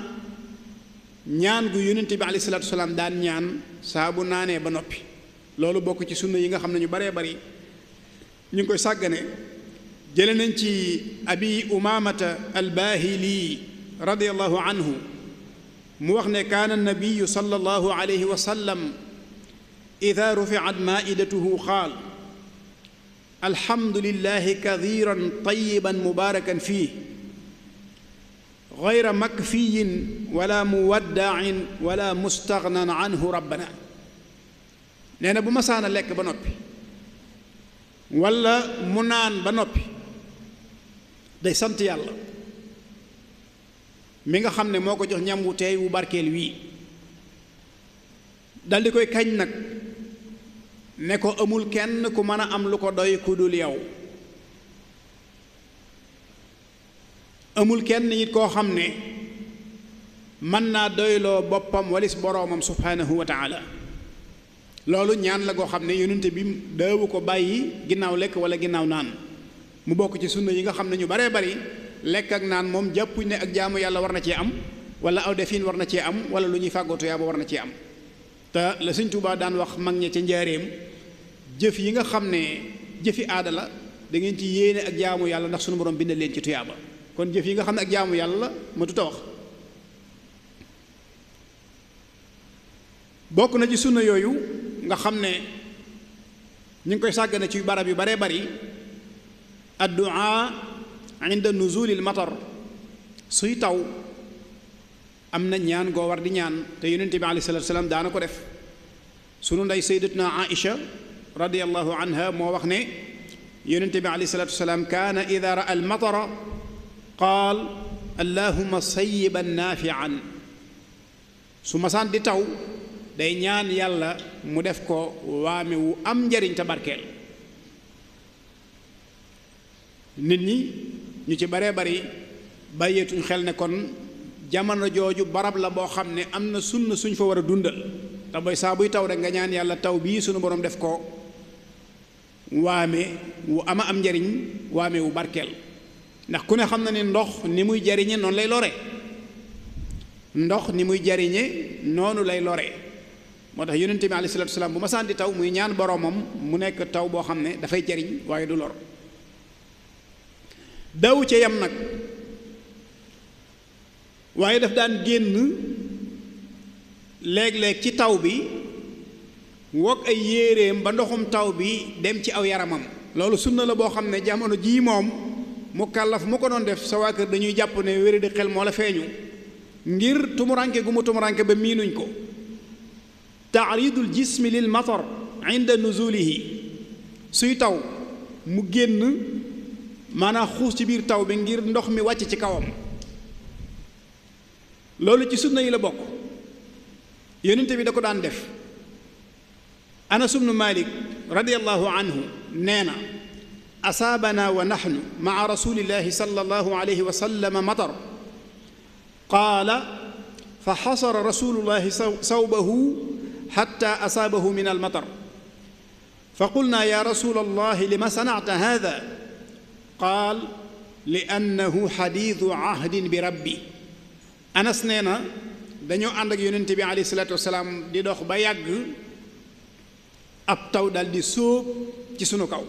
ñaan gu yonent bi alayhi salaatu salaam daan ñaan saabu naanee ba noppi loolu bokk ci sunna yi nga xam ne ñu baree bari ñu koy sàggane جلننتي أبي أمامة الباهلي رضي الله عنه موخن كان النبي صلى الله عليه وسلم إذا رفعت مائدته قال الحمد لله كثيرا طيبا مباركا فيه غير مكفي ولا مودع ولا مستغنى عنه ربنا لأن أبو بمسانا لك بنوبي ولا منان بنوبي day sant yàlla mi nga xam ne moo ko jox ñam wu teey wu barkeel wii dal di koy kañ nag ne ko amul kenn ku mën a am lu ko doy ku dul yow amul kenn it koo xam ne mën naa doyloo boppam walis boroomam subhaanahu wa loolu ñaan la goo xam ne yonente bi daawu ko bàyyi ginnaaw lekk wala ginnaaw naan mu bokk ci sunna yi nga xam ne ñu baree bari lekk ak naan moom jàppuñ ne ak jaamu yàlla war na cee am wala aw defin war na cee am wala lu ñuy fàggootu yaa ba war na cee am te la suñ Tuubaa daan wax mag ña ca njaareem jëf yi nga xam ne jëfi aadala la da ngeen yéene ak jaamu yàlla ndax sunu borom bi ne leen ci tuyaaba kon jëf yi nga xam ne ak jaamu yàlla ma matu ta wax bokk na ci sunna yooyu nga xam ne ñu ngi koy sàggane ci barab yu baree bari الدعاء عند نزول المطر سوي تاو امنا نيان غو وار دي نيان تي يونتي بي عليه الصلاه والسلام دانا كو ديف سونو نday سيدتنا عائشه رضي الله عنها مو وخني ني يونتي بي عليه الصلاه والسلام كان اذا راى المطر قال اللهم صيبا نافعا سو مسان دي تاو داي نيان يالا مو ديف كو وامي wu ام جارين te barkeel nit ñi ñu ci baree bari bàyyeetuñ xel ne kon jamono jooju barab la boo xam ne am na sunna suñ fa war a dundal te mooy saa buy taw rek nga ñaan yàlla taw bii sunu borom def ko waame wu ama am njariñ waame wu barkeel ndax ku ne xam na ne ndox ni muy jariñe noonu lay lore ndox ni muy jariñe noonu lay lore moo tax yonente bi alayhi salaatu salaam bu ma saan di taw muy ñaan boromam mu nekk taw boo xam ne dafay jariñ waaye du lor dawu ca yam nag waaye daf daan génn léeg-léeg ci taw bi wokk ay yéeréem ba ndoxum taw bi dem ci aw yaramam loolu sunna la boo xam ne jamono jii moom mu kàllaf mu ko doon def sa waa kër dañuy jàpp ne wéri di moo la feeñu ngir tumuranke gu mu tumuranke ba miinuñ ko taaridul jismi lil matar inda nuzulihi suy taw mu génn maanaam xuus ci biir taw bi ngir ndox mi wàcc ci kawam loolu ci sunna yi la bokk yonente bi da ko daan def anas ubnu malik radiallahu anhu nee na asaabana wa naxnu maa rasulillahi sallallahu alayhi wa sallama matar qaala fa xasara rasulullahi sawbahu xatta asaabahu min almatar fa qulna ya rasul allahi lima sanacta hada قال لأنه حديث عهد بربي anas nee na dañoo ànd ak yonente bi alayhi salaatu wasalaam di dox ba yàgg ab taw dal di sóob ci sunu kaw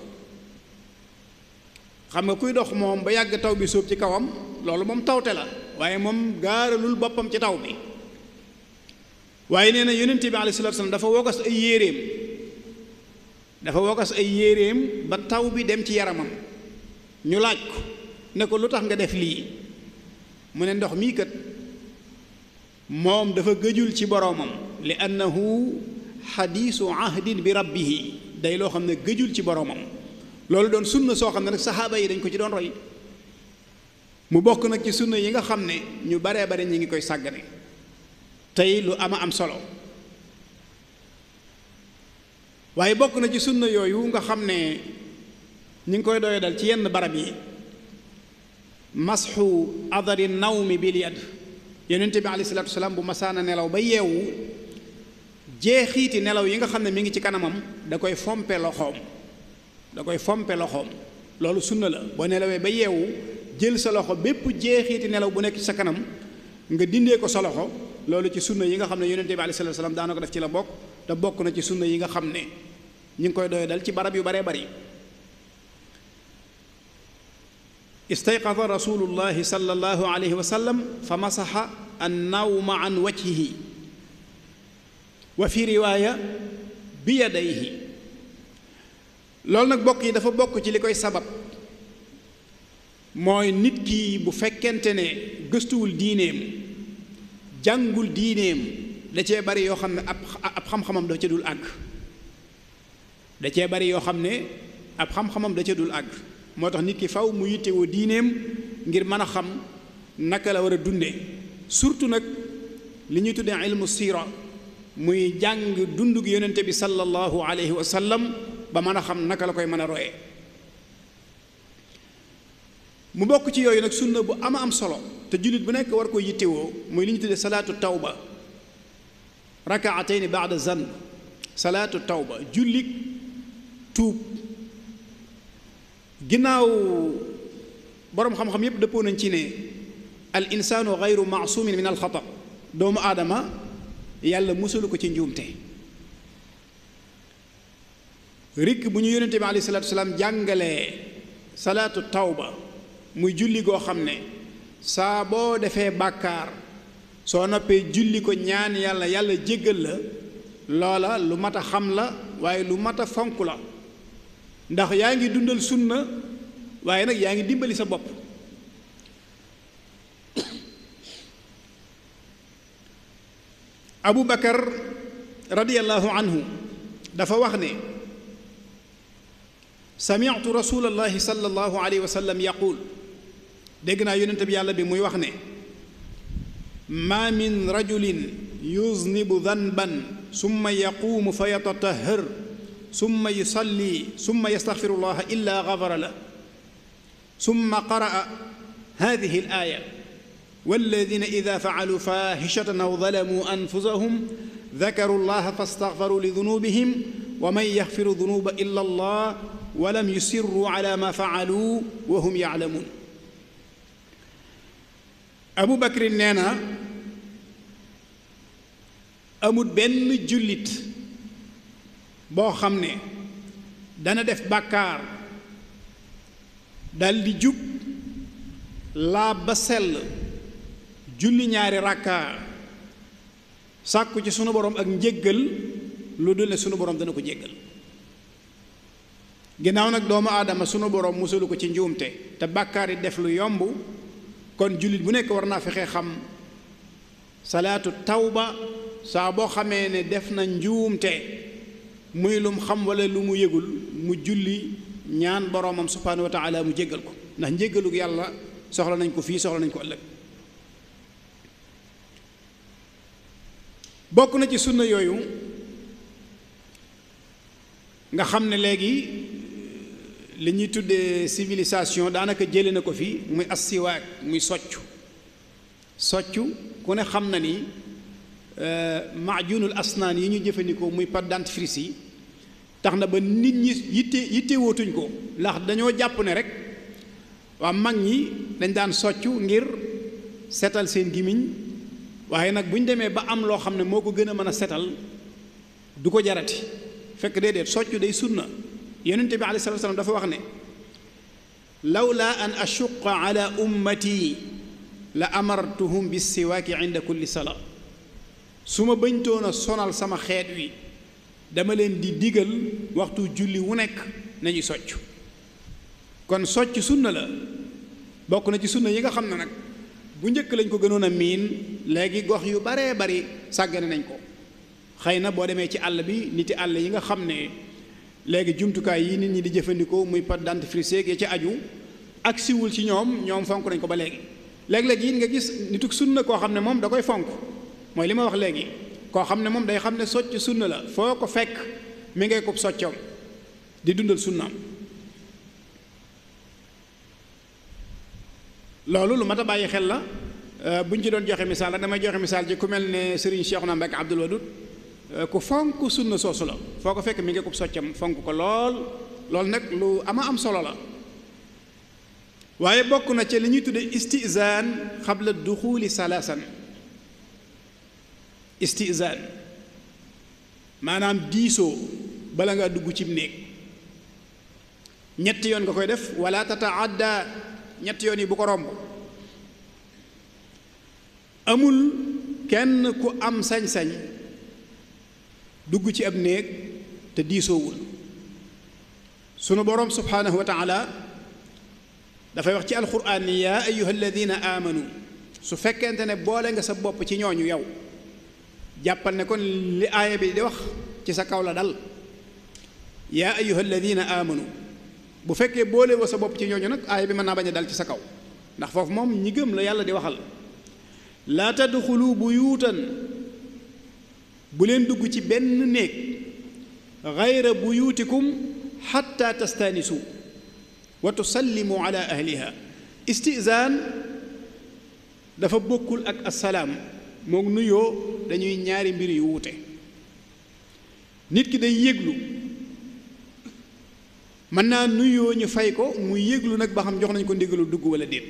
xam nga kuy dox moom ba yàgg taw bi sóob ci kawam loolu moom tawte la waaye moom gaaralul boppam ci taw bi waaye nee na yonente bi alayhi salaatu wasalaam dafa wogas ay yéeréem dafa wogas ay yéeréem ba taw bi dem ci yaramam ñu laaj ko ne ko lu tax nga def lii mu ne ndox mii kat moom dafa gëjul ci boroomam li annahu xadiisu ahdin bi rabbihi day loo xam ne gëjul ci boroomam loolu doon sunna soo xam ne nag saxaaba yi dañ ko ci doon roy mu bokk nag ci sunna yi nga xam ne ñu baree bare ñi ngi koy sàggane tey lu am a am solo waaye bokk na ci sunna yooyu nga xam ne ñu ngi koy doyee dal ci yenn barab yi masxu adari nawmi bil yad yonent bi alayhi salaatu wasalaam bu masaana nelaw ba yeewu jeexiiti nelaw yi nga xam ne mu ngi ci kanamam da koy fompe loxoom da koy fompe loxoom loolu sunna la boo nelawee ba yeewu jël sa loxo bépp jeexiiti nelaw bu nekk ci sa kanam nga dindee ko sa loxo loolu ci sunna yi nga xam ne yonente bi alayhi salaatu wasalaam daana ko def ci la bokk te bokk na ci sunna yi nga xam ne ñu ngi koy doyee dal ci barab yu baree bari استيقظ رسول الله صلى الله عليه وسلم فمسح النوم عن وجهه وفي روايه بيديه لول نك بوكي دا فا بوك سي ليكاي سبب موي نيت كي بو فكانتني گستول دينيم جانغول دينيم دا سي باري يو خامني اب اب خام خامم دا سي دول اگ دا سي باري يو خامني اب خام خامم دا سي دول اگ motax nit ki faw mu wo dinem ngir mëna xam naka la wara dundé surtout nak li ñuy tuddee ilmu siira muy jàng dundug yonente bi sallallahu alayhi wa sallam ba mëna xam naka la koy mëna royé mu bok ci yooyu nak sunna bu ama am solo te julit bu nek war ko wo muy li ñu tuddee tawba rak'atayn ba'da zan salatu tawba julik tuub ginnaaw borom xam-xam yépp dëppoo nañ ci ne al insaanu gayru maasumin min al xata doomu adama yàlla musul ko ci njuumte rikk bu ñu yonente bi alayhi salaatu wasalaam jàngalee salaatu tawba muy julli goo xam ne saa boo defee bàkkaar soo noppee julli ko ñaan yàlla yàlla jéggal la loola lu mat xam la waaye lu mat a la ndax yaa ngi dundal sunna waaye nag yaa ngi dimbali sa bopp abu bakar radiallahu anhu dafa wax ne samitu rasulallahi sallallahu alayhi wa sallam yaquul dégg naa yonente bi yàlla bi muy wax ne maa min rajulin yuznibu danban summa yaquumu fa yatatahhar ثم يصلي ثم يستغفر الله إلا غفر له ثم قرأ هذه الآية والذين إذا فعلوا فاحشة أو ظلموا أنفسهم ذكروا الله فاستغفروا لذنوبهم ومن يغفر الذنوب إلا الله ولم يسروا على ما فعلوا وهم يعلمون أبو بكر نانا na بن جلت boo xam ne dana def bàkkaar daldi jub laa ba sell julli ñaari ràkkaa sàkku ci sunu borom ak njéggal lu dul ne sunu borom dana ko jéggal ginnaaw nag doomu aadama sunu borom musalu ko ci njuumte te bàkkaar yi def lu yomb kon jullit bu nekk war naa fexee xam salaatu tawba saa boo xamee ne def na njuumte muy lum xam wala lu mu yégul mu julli ñaan boroomam subhaanahu wa mu jéggal ko ndax njéggalug yàlla soxla nañ ko fii soxla nañ ko ëllëg bokk na ci sunna yooyu nga xam ne léegi li ñuy tuddee civilisation daanaka jële na ko fi muy assiwaak muy soccu soccu ku ne xam na ni maajunul asnaan yi ñu jëfandikoo muy pâte dentifrice yi tax na ba nit ñi yitte yitte wootuñ ko ndax dañoo jàpp ne rek waa mag ñi dañ daan soccu ngir setal seen gimiñ waaye nag bu ñu demee ba am loo xam ne moo ko gën a mën a setal du ko jarati fekk déedéet soccu day sunna yonente bi alayhi salaam dafa wax ne lawla an ashuqa ala ummati la amartuhum bis siwaaki inda kulli salaa su ma bañtoon a sonal sama xeet wi dama leen di digal waxtu julli wu nekk nañu socc kon socc sunna la bokk na ci sunna yi nga xam ne nag bu njëkk lañ ko gënoon a miin léegi gox yu baree bari sàggane nañ ko xëy na boo demee ci àll bi nit niti àll yi nga xam ne léegi jumtukaay yi nit ñi di jëfandikoo muy pâte dentifrice ya ci aju ak ci ñoom ñoom fonk nañ ko ba léegi léeg-léeg yi nga gis nituk sunna koo xam ne moom da koy fonk moy lima wax legi ko xamne mom day xamne ne sunna la foko fek mi ngay ko soccam di dundal sunna loolu lu mata baye xel la buñ ci doon joxe misal dama joxe misal ci ku mel serigne cheikh na Mbacké abdul wadud ku fonku sunna soosu la foko fek mi ngay ko soccam fonku ko lol lol nak lu ama am solo la waye bokku na ci li ñuy tudde istizan qabla dukhuli salasan istizaan maanaam diisoo bala ngaa dugg cib néeg ñetti yoon nga koy def wala tataadda ñetti yoon yi bu ko romb amul kenn ku am sañ-sañ dugg ci ab néeg te diisoowul sunu boroom subhaanahu wa taala dafay wax ci alquran ni yaa ayuha alladina aamanu su fekkente ne boole nga sa bopp ci ñooñu yow jàppal ne kon li aaya bi di wax ci sa kaw la dal yaa ayuha alladina amanu bu fekkee boole wa sa bopp ci ñooñu nag aaya bi mën naa bañ a dal ci sa kaw ndax foofu moom ñi gëm la yàlla di waxal laa tadxulu buyuutan bu leen dugg ci benn néeg gayra buyuutikum xatta tastaanisu wa tusallimu ala ahliha istizaan dafa bokkul ak assalaam mook nuyoo dañuy ñaari mbir yu wuute nit ki day yëglu mën naa nuyoo ñu fay ko mu yëglu nag ba xam jox nañ ko ndigalu dugg wala déet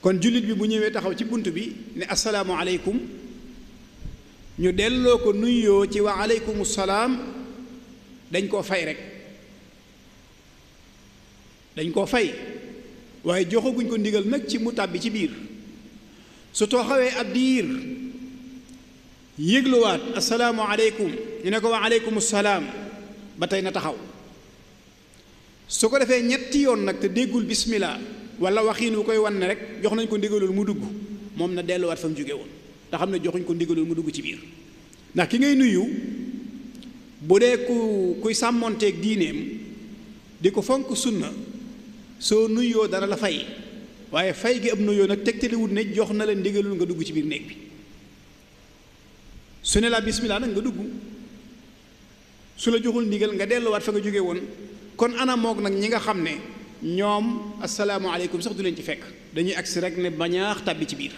kon jullit bi bu ñëwee taxaw ci bunt bi ne asalaamu aleykum ñu delloo ko nuyoo ci wa aleykum salaam dañ koo fay rekk dañ koo fay waaye joxaguñ ko ndigal nag ci mu tàbbi ci biir su taxawee ab diir yëgluwaat asalaamu aleykum ñu ne ko wa aleykum salaam ba tey na taxaw su ko defee ñetti yoon nag te déggul bismillah wala waxiin wu koy wan rek jox nañ ko ndigalul mu dugg moom na delluwaat fa mu jóge woon te xam joxuñ ko ndigalul mu dugg ci biir ndax ki ngay nuyu bu dee ku kuy sàmmonteeg diineem di ko fonk sunna soo nuyoo dana la fay waaye fay gi am na yoon nag tegtaliwut ne jox na la ndigalul nga dugg ci biir néeg bi su ne la bismillah nag nga dugg su la joxul ndigal nga delluwaat fa nga jóge woon kon ana moog nag ñi nga xam ne ñoom asalaamaaleykum sax du leen ci fekk dañuy agsi rek ne bañaax tàbbi ci biir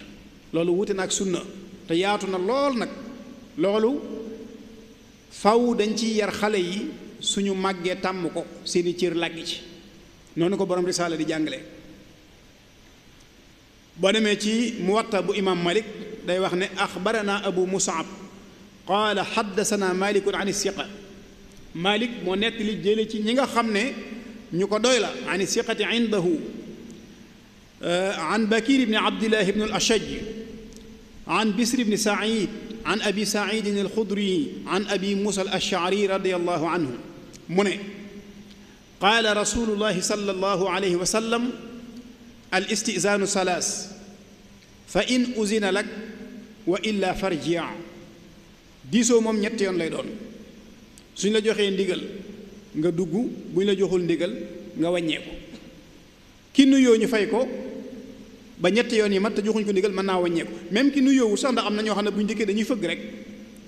loolu wute na ak sunna te yaatu na lool nag loolu faw dañ ci yar xale yi suñu màggee tàmm ko seeni cër làggi ci noonu ko borom risaala di jàngale بنمي تي موطا بو امام مالك داي واخني اخبرنا ابو مصعب قال حدثنا مالك عن الثقه مالك مو اللي لي جيلي تي نيغا خامني نيوكو دويلا عن الثقه عنده عن بكير بن عبد الله بن الاشج عن بسر بن سعيد عن ابي سعيد الخدري عن ابي موسى الاشعري رضي الله عنه من قال رسول الله صلى الله عليه وسلم الاستئذان ثلاث فإن أذن لك وإلا فرجع ديسو موم نيت يون لاي دون suñ لا جوخي نديغال nga dugg buñ la joxul ndigal nga wàññee ko ki nuyoo ñu fay ko ba ñett yoon yi mat te joxuñ ko ndigal mën naa wàññee ko même ki nuyoo wu sax ndax am na ñoo xam ne buñ dikkee dañuy fëgg rek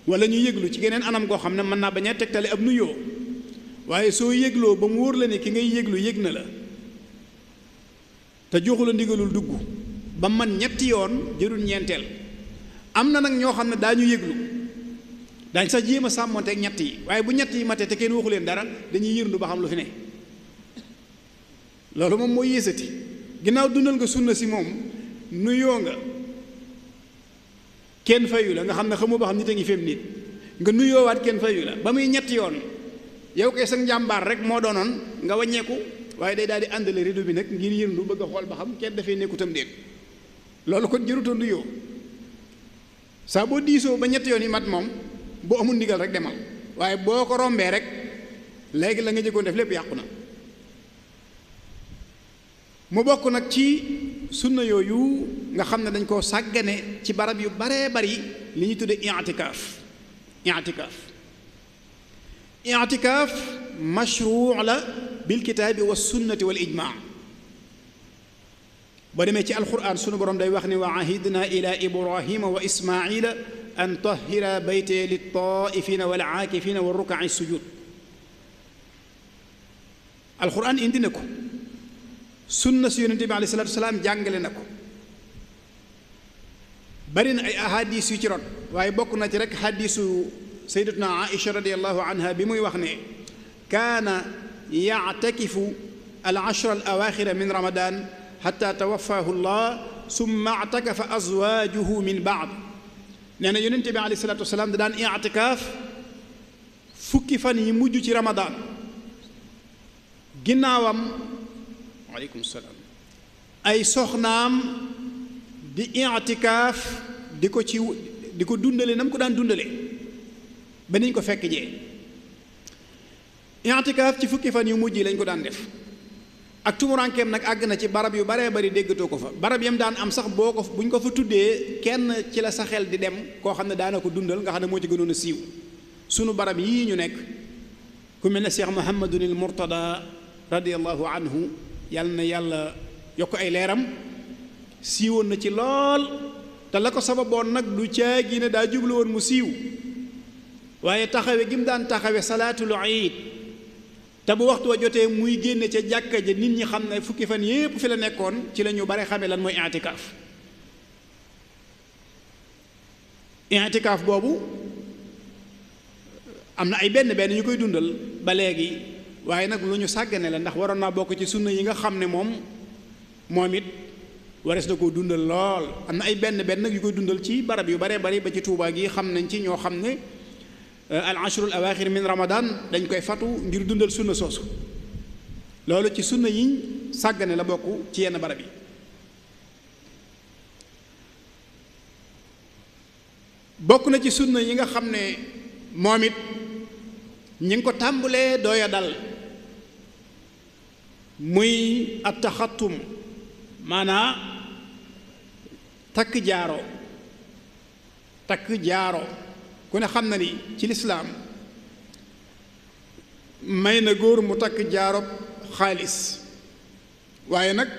wala ñu yëglu ci geneen anam goo xam ne mën naa bañ a tegtale ab nuyoo waaye soo yëgloo ba mu wóor la ne ki ngay yëglu yëg na la te joxu la ndigalul dugg ba man ñetti yoon jërul ñeenteel am na nag ñoo xam ne daañu yëglu daañ sax jéem a sàmmonte ak ñett yi waaye bu ñett yi matee te kenn waxu leen dara dañuy yërndu ba xam lu fi ne loolu moom mooy yéesati ginnaaw dundal nga sunna si moom nuyoo nga kenn fayu la nga xam ne xamoo ba xam nit a ngi fem nit nga nuyoowaat kenn fayu la ba muy ñetti yoon yow kay sa njàmbaar rek moo doonoon nga wàññeeku waaye day daal di àndale rideau bi nag ngir yëndu bëgg a xool ba xam kenn dafay nekkutam déet loolu kon jërutoon du yow saa boo diisoo ba ñett yoon yi mat moom boo amul ndigal rek demal waaye boo ko rombee rek léegi la nga jëkkoon def lépp yàqu na mu bokk nag ci sunna yu nga xam ne dañ koo sàggane ci barab yu baree bari li ñu tudde i'tikaaf i'tikaaf مشروع لا بالكتاب والسنة والإجماع بدمي تي القرآن سنو برم داي وخني وعهدنا إلى إبراهيم وإسماعيل أن طهر بيتي للطائفين والعاكفين والركع السجود القرآن إندنكو سنة سيدنا النبي عليه الصلاة والسلام جانجلنكو برين أي أحاديث يجرون واي بوكنا ترك حديث سيدتنا عائشة رضي الله عنها بموي وخني كان يعتكف العشر الأواخر من رمضان حتى توفاه الله ثم اعتكف أزواجه من بعد لأن ينتبع عليه الصلاة والسلام دان اعتكاف فكفا يموج في رمضان جناوام عليكم السلام أي سخنام دي اعتكاف ديكو تي ديكو دوندلي نام كو دان دوندلي بنين كو فك جي i'tikaaf ci fukki fan yu mujj yi lañ ko daan def ak tumurankeem nag àgg na ci barab yu baree bari déggatoo ko fa barab yam daan am sax boo ko buñ ko fa tuddee kenn ci la sa xel di dem koo xam ne daana ko dundal nga xam ne moo ci gënoon a siiw sunu barab yii ñu nekk ku mel ne Cheikh Mouhamadunil Mourtada radiallahu anhu yàlla na yàlla yokk ay leeram siiwoon na ci lool te la ko sababoon nag du caagi ne daa jublu woon mu siiw waaye taxawe gi mu daan taxawe salaatul iid te bu waxtu wa jotee muy génne ca jàkka ja nit ñi xam ne fukki fan yépp fi la nekkoon ci la ñu bare xamee lan mooy intikaaf intikaaf boobu am na ay benn benn ñu koy dundal ba léegi waaye nag lu ñu sàggane la ndax waroon naa bokk ci sunna yi nga xam ne moom moom it warees na koo dundal lool am na ay benn benn nag yu koy dundal ci barab yu baree bari ba ci Tuubaa gi xam nañ ci ñoo xam ne Euh, al ashrul awaaxir min ramadan dañ koy fatu ngir dundal sunna soosu loolu ci sunna yiñ sàggane la bokk ci yenn barab yi bokk na ci sunna yi nga xam ne moom it ñi ngi ko tàmbalee dooya dal muy ataxatum taxattum maanaa takk jaaro takk jaaro ku ne xam na ni ci lislaam may na góor mu takk jaarob xaalis waaye nag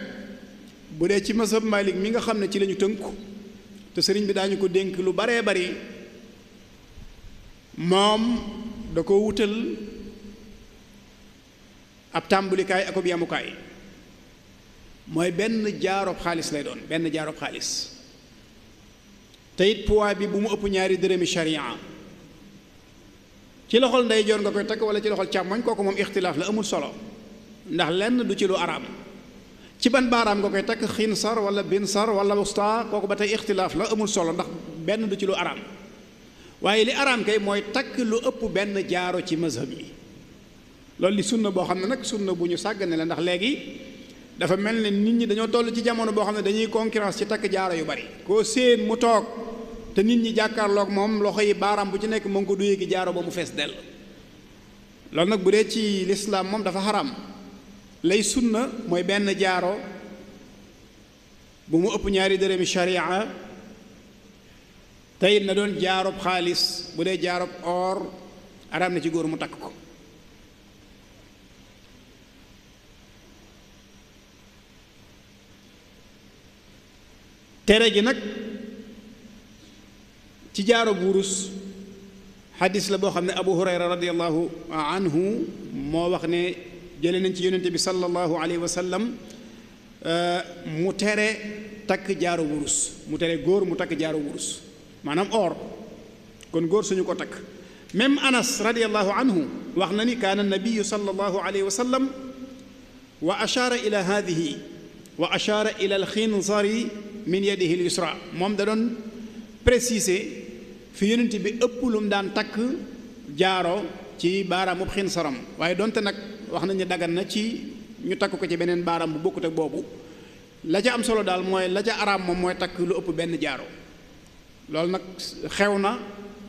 bu dee ci mazhab malik mi nga xam ne ci lañu tënku te sëriñ bi daañu ko dénk lu baree bari moom da ko wutal ab tàmbulikaay ako ab yamukaay mooy benn jaarob xaalis lay doon benn jaarob xaalis te it poids bi bu mu ëpp ñaari dërëmi sharia ci loxol ndeyjoor nga koy takk wala ci loxol càmmoñ kooku moom ixtilaaf la amul solo ndax lenn du ci lu araam ci ban baaraam nga koy takk xinsar wala binsar wala wusta kooku ba tey ixtilaaf la amul solo ndax benn du ci lu araam waaye li araam kay mooy takk lu ëpp benn jaaro ci mazhab yi loolu li sunna boo xam ne nag sunna bu ñu sàggane la ndax léegi dafa mel ne nit ñi dañoo toll ci jamono boo xam ne dañuy concurrence ci takk jaaro yu bari koo séen mu toog te nit ñi jàkkaarloog moom loxo yi baaraam bu ci nekk moom ko duyee ki jaaro ba mu fees dell loolu nag bu dee ci lislaam moom dafa xaram lay na mooy benn jaaro bu mu ëpp ñaari dërëmi sharia tey na doon jaarub xaalis bu dee jaarub or araam ne ci góor mu takk ko tere gi nag ci jaaro bu hadith la bo xamne abu hurayra radiyallahu anhu mo wax ne jële nañ ci yonente bi sallallahu alayhi wa sallam mu tere tak jaaro wurus mu tere gor mu tak jaaro wurus manam or kon gor suñu ko tak même anas radiyallahu anhu wax na ni kaana nabiyu sallallahu alayhi wa sallam wa ashaara ila hadihi wa ashaara ila min yadihi l yusra moom da doon présisé fi yonent bi ëpp lu mu daan takk jaaro ci baaraamu xin saram waaye donte nag wax nañu dagan na ci ñu takk ko ci beneen baaraam bu bokkute boobu la ca am solo daal mooy la ca araam moom mooy takk lu ëpp benn jaaro loolu nag xew na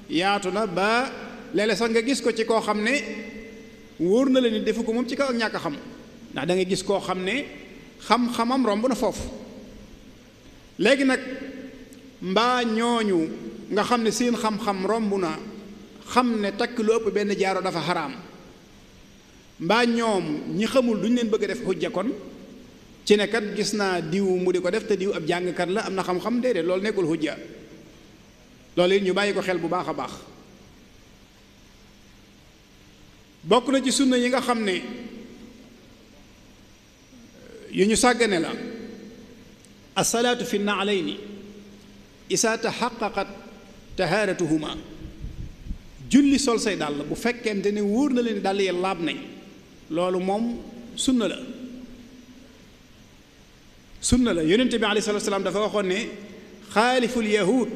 yaatu na ba léeg sax nga gis ko ci koo xam ne wóor na la ne defu ko moom ci kaw ak ñàkk xam ndax dangay gis koo xam ne xam-xamam romb na foofu léegi nag mbaa ñooñu nga xam ne seen xam-xam romb na xam ne takk lu ëpp benn jaaro dafa xaraam mbaa ñoom ñi xamul duñ leen bëgg a def xujja kon ci ne kat gis naa diw mu di ko def te diw ab jàngkat la am na xam-xam déedéet loolu nekkul xujja loolu it ñu bàyyi ko xel bu baax a baax bokk na ci sunna yi nga xam ne yu ñu sàggane la الصلاة في النعلين إذا تحققت تهارتهما جولي سول سي دال بو فكنت ني وور نال ني دال يلاب ني لولو موم سنة لا سنة لا يونت بي عليه الصلاة والسلام دا فا وخون ني خالف اليهود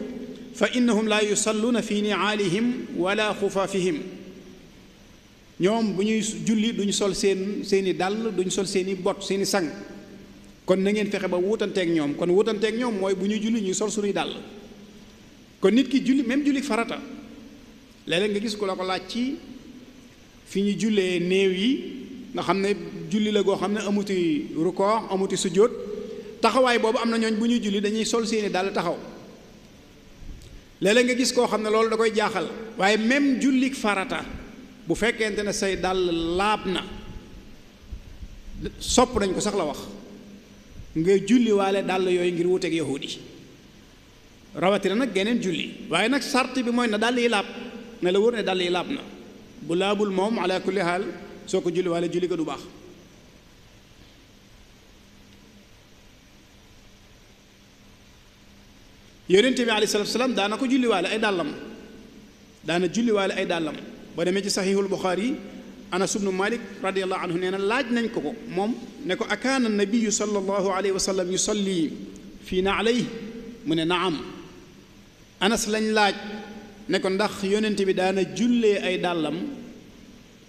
فإنهم لا يصلون في نعالهم ولا خفافهم نيوم بو ني جولي سول سيني دال دوني سول سيني بوت سيني سانغ kon na ngeen fexe ba wutanteek ñoom kon wutanteek ñoom mooy bu ñu julli ñuy sol suñuy dàll kon nit ki julli même julli farata léeg nga gis ko ko laaj ci fi ñu jullee néew yi nga xam ne julli goo xam ne amuti rukoor amuti sujjóot taxawaay boobu am na ñooñ bu ñuy julli dañuy sol seeni dàll taxaw léeg nga gis koo xam ne loolu da koy jaaxal waaye même jullik farata bu fekkente ne say dàll laab na sopp dañ ko sax la wax nga julliwaale dàll yooyu ngir wuteeg yahud yi rawatina nag geneen julli waaye nag sart bi mooy na dàll yi laab ne la wóor ne dàll yi laab na bu laabul moom ala kulli haal soo ko julli waale julli ko du baax yonente bi aleyhi salaatu salaam daana ko julliwaale ay dàllam daana julliwaale ay dàllam boo demee ci saxiixul Buxaari yi anas ubnu malik radiallahu anhu nee na laaj nañ ko ko moom ne ko akaana nabiyu sallallahu alayhi wa sallam yusalli fii na alayhi mu ne naam anas lañ laaj ne ko ndax yonent bi daana jullee ay dàllam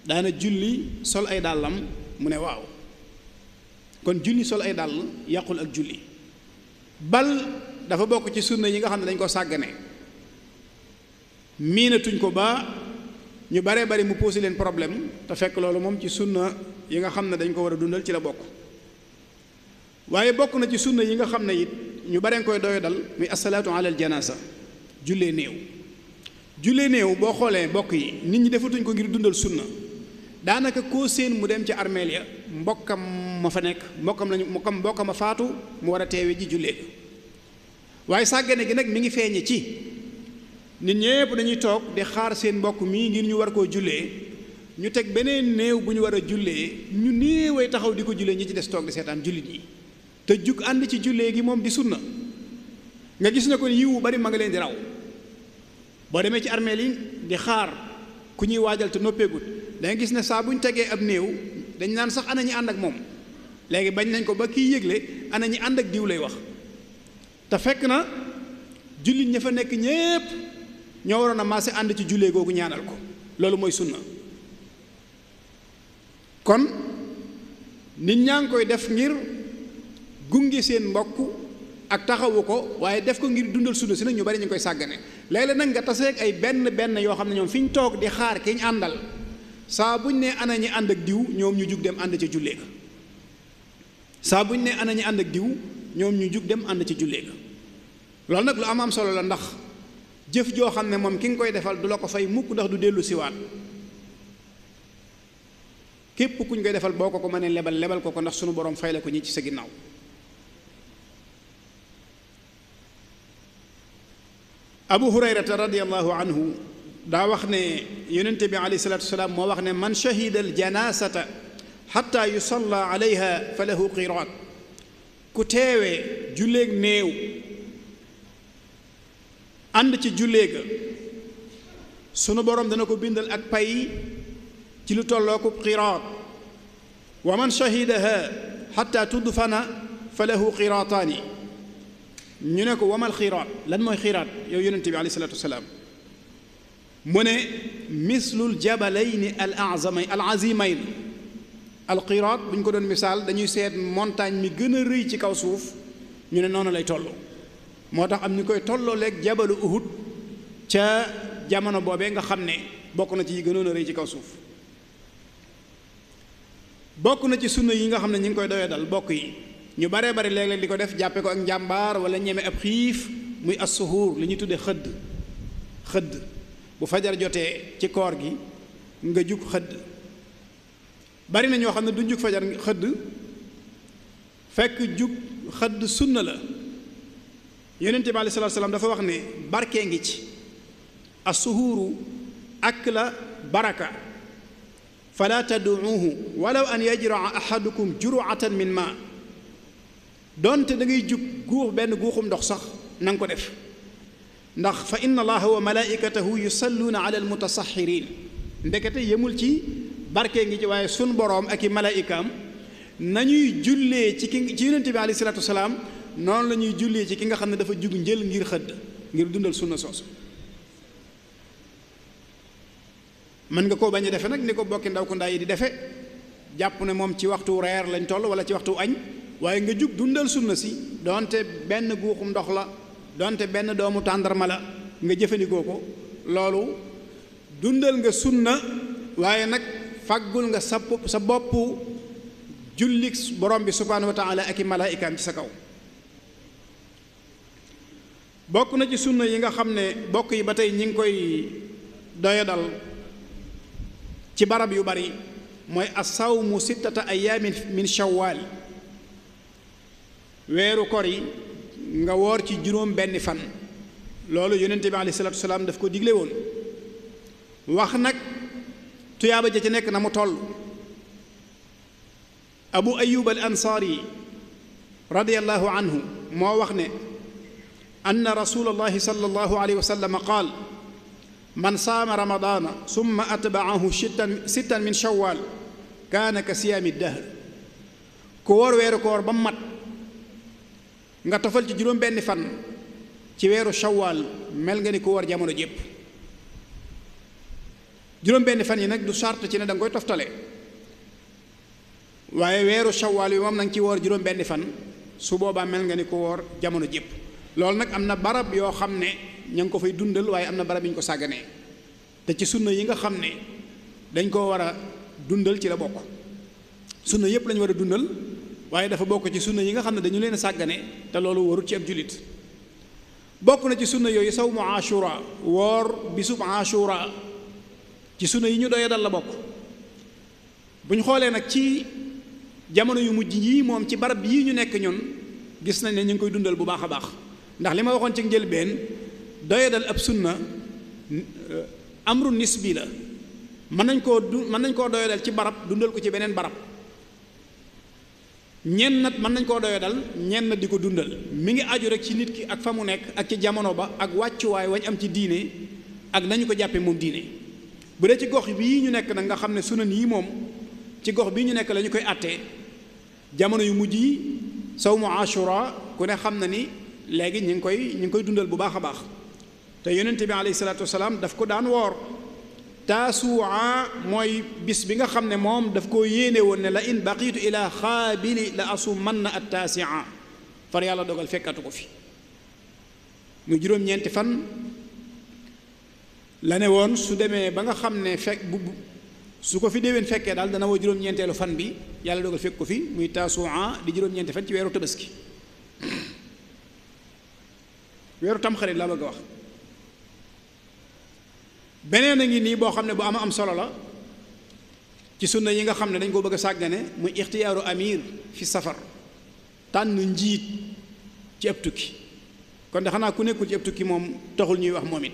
daana julli sol ay dàllam mu ne waaw kon julli sol ay dàll yàqul ak julli bal dafa bokk ci sunna yi nga xam ne dañ ko sàggane miinatuñ ko ba ñu baree bari mu posé leen problème te fekk loolu moom ci sunna yi nga xam ne dañ ko war a dundal ci la bokk waaye bokk na ci sunna yi nga xam ne it ñu baree koy doyo dal muy asalaatu alal janaasa jullee néew jullee néew boo xoolee bokk yi nit ñi defatuñ ko ngir dundal sunna daanaka koo séen mu dem ci armeel ya mbokkam ma fa nekk mbokkam lañu mbokkam mbokkam a faatu mu war a teewe ji jullee waaye sàggane gi nag mi ngi feeñe ci nit ñépp dañuy toog di xaar seen mbokk mii ngir ñu war koo jullee ñu teg beneen néew bu ñu war a jullee ñu néewee taxaw di ko jullee ñi ci des toog di seetaan jullit yi te jug ànd ci jullee gi moom di sunna nga gis ne ko yiwu bari ma nga leen di raw boo demee ci armeel yi di xaar ku ñuy waajal te noppeegut da gis ne saa bu tegee ab néew dañ naan sax ana ñi ànd ak moom léegi bañ nañ ko ba kiy yëgle ana ñi ànd ak diw lay wax te fekk na jullit ñoo waroon a maase ànd ci jullee googu ñaanal ko loolu mooy sunna kon nit ñaa ngi koy def ngir gunge seen mbokk ak taxawu ko waaye def ko ngir dundal sunna si nag ñu bari ñu koy sàggane léeg-léeg nag nga taseeg ay benn benn yoo xam ne ñoom fi ñu toog di xaar ki ñu àndal saa buñ ne ana ñi ànd ak diw ñoom ñu jug dem ànd ci jullee ga saa buñ ne ana ñi ànd ak diw ñoom ñu jug dem ànd ci jullee ga loolu nag lu am am solo la ndax jëf jo xamne mom ki ngoy defal du la ko fay mukk ndax du delu ci képp kep kuñ ngoy defal boko ko mané lebal lebal ko ko ndax sunu borom fay la ko ñi ci sa ginnaw abu hurayra radiyallahu anhu da wax ne yonente bi alayhi wasallam mo wax ne man shahida al janasata hatta yusalla alayha falahu qirat ku teewee julleeg néew ànd ci jullee ga sunu borom dana ko bindal ak pay ci lu ko qirat wa man shahidaha hatta tudfana falahu qiratani ñu ne ko wamal khirat lan moy khirat yow yonent bi alayhi salatu wasalaam mune mislul jabalayn al azamay al azimayn al qirat buñ ko don misal dañuy set montagne mi gëna reuy ci kaw suuf ñu ne noonu lay tollu motax am ni koy tollo lek jabal uhud ca jamono bobé nga xamné bokku na ci yi gënoon a ci kaw suuf bokku na ci sunna yi nga xamné ñing koy doyee dal bokku yi ñu bare bare léeg-léeg liko def jàppe ko ak jambar wala ñeme ab xif muy as-suhur li ñu tuddé xëdd xëdd bu fajar joté ci koor gi nga juk xëdd bari na ño xamné du juk fajar xëdd fekk juk xëdd sunna la yonente bi alei salatu salaam dafa wax ne barke ngi ci asuhuru akla baraka fala taduuhu walaw an yajraa ahadukum juruatan min ma donte da ngay jug guux benn guuxum ndox sax na nga ko def ndax fa inna allaha wa malaikatahu yusalluuna ala almutasaxirin ndekete yemul ci barke ngi ci waaye sun boroom ak i malaikaam nañuy jullee ci ki ci yonente bi alei salatu wasalaam noonu la ñuy jullee ci ki nga xam ne dafa jug njël ngir xëdd ngir dundal sunna soosu mën nga koo bañ a defe nag ni ko bokki ndaw ku ndaa yi di defe jàpp ne moom ci waxtu reer lañ toll wala ci waxtu añ waaye nga jug dundal sunna si donte benn guuxum ndox la donte benn doomu tàndarma la nga jëfandikoo ko loolu dundal nga sunna waaye nag faggul nga sa sa bopp jullik borom bi subhaanahu wa taala ak i malaayikaam ci sa kaw bokku na ci sunna yi nga xamne bokku yi batay ñing koy ngi dal ci barab yu bari mooy asawmu sittata ayaamin min shawwal wéru kor yi nga wor ci juróom benn fan loolu yonente bi alayhi salatu salaam daf ko digle won wax nak tuyaba ja ci nek na mu toll abu ayyub al ansari radiallahu anhu mo wax ne أن رسول الله صلى الله عليه وسلم قال من صام رمضان ثم أتبعه شتا, ستا من شوال كان كصيام الدهر كور وير كور بمت nga tofal ci juróom benn fan ci weeru shawaal mel nga ni ko war jamono jépp juróom benn fan yi nag du sart ci ne danga koy toftale waaye weeru shawaal bi moom nanga ci woor juróom benn fan su boobaa mel nga ni ko woor jamono jépp loolu nag am na barab yoo xam ne ña ngi ko fay dundal waaye am na barab yi ñu ko sàgganee te ci sunna yi nga xam ne dañ koo war a dundal ci la bokk sunna yépp lañu war a dundal waaye dafa bokk ci sunna yi nga xam ne dañu leen sàggane te loolu warut ci ab jullit bokk na ci sunna yooyu saw mu ashura woor bisub ashura ci sunna yi ñu doyee dal la bokk bu ñu xoolee nag ci jamono yu mujj yii moom ci barab yii ñu nekk ñun gis nañ ne ñu ngi koy dundal bu baax a baax ndax li ma waxoon ci njëlbeen doyadal ab sunna euh, amru nisbi la mën nañ koo du mën nañ koo doyadal ci barab dundal ko ci beneen barab ñenn nag mën nañ koo doyadal ñenn di ko dundal mi ngi aju rek ci nit ki ak fa mu nekk ak ci jamono ba ak wàccuwaay wañ am ci diine ak nañu ko jàppee moom diine bu dee ci gox bii ñu nekk nag nga xam ne sunan yi moom ci gox bii ñu nekk la koy àttee jamono yu mujj yi saw mu ashura ku ne xam na ni léegi ñu ngi koy ñu ngi koy dundal bu baax a baax te yonente bi alayhi salaatu wasalaam daf ko daan woor taasuwaa mooy bis bi nga xam ne moom daf koo yéene woon ne la in baqiitu ila xaabili la asu man na at taasia far yàlla dogal fekkatu ko fi mu juróom-ñeenti fan la ne woon su demee ba nga xam ne fekk bu su ko fi déwén fekkee daal dana woo juróom-ñeenteelu fan bi yàlla dogal fekk ko fi muy taasuwaa di juróom-ñeenti fan ci weeru tabaski weeru tamxarit laa bëgg a wax beneen a ngi nii boo xam ne bu am am solo la ci sunna yi nga xam ne dañ koo bëgg a sàggane muy ixtiyaaru amir fi safar tànn njiit ci ab tukki kon daxanaa ku nekkul ci ab tukki moom taxul ñuy wax moom it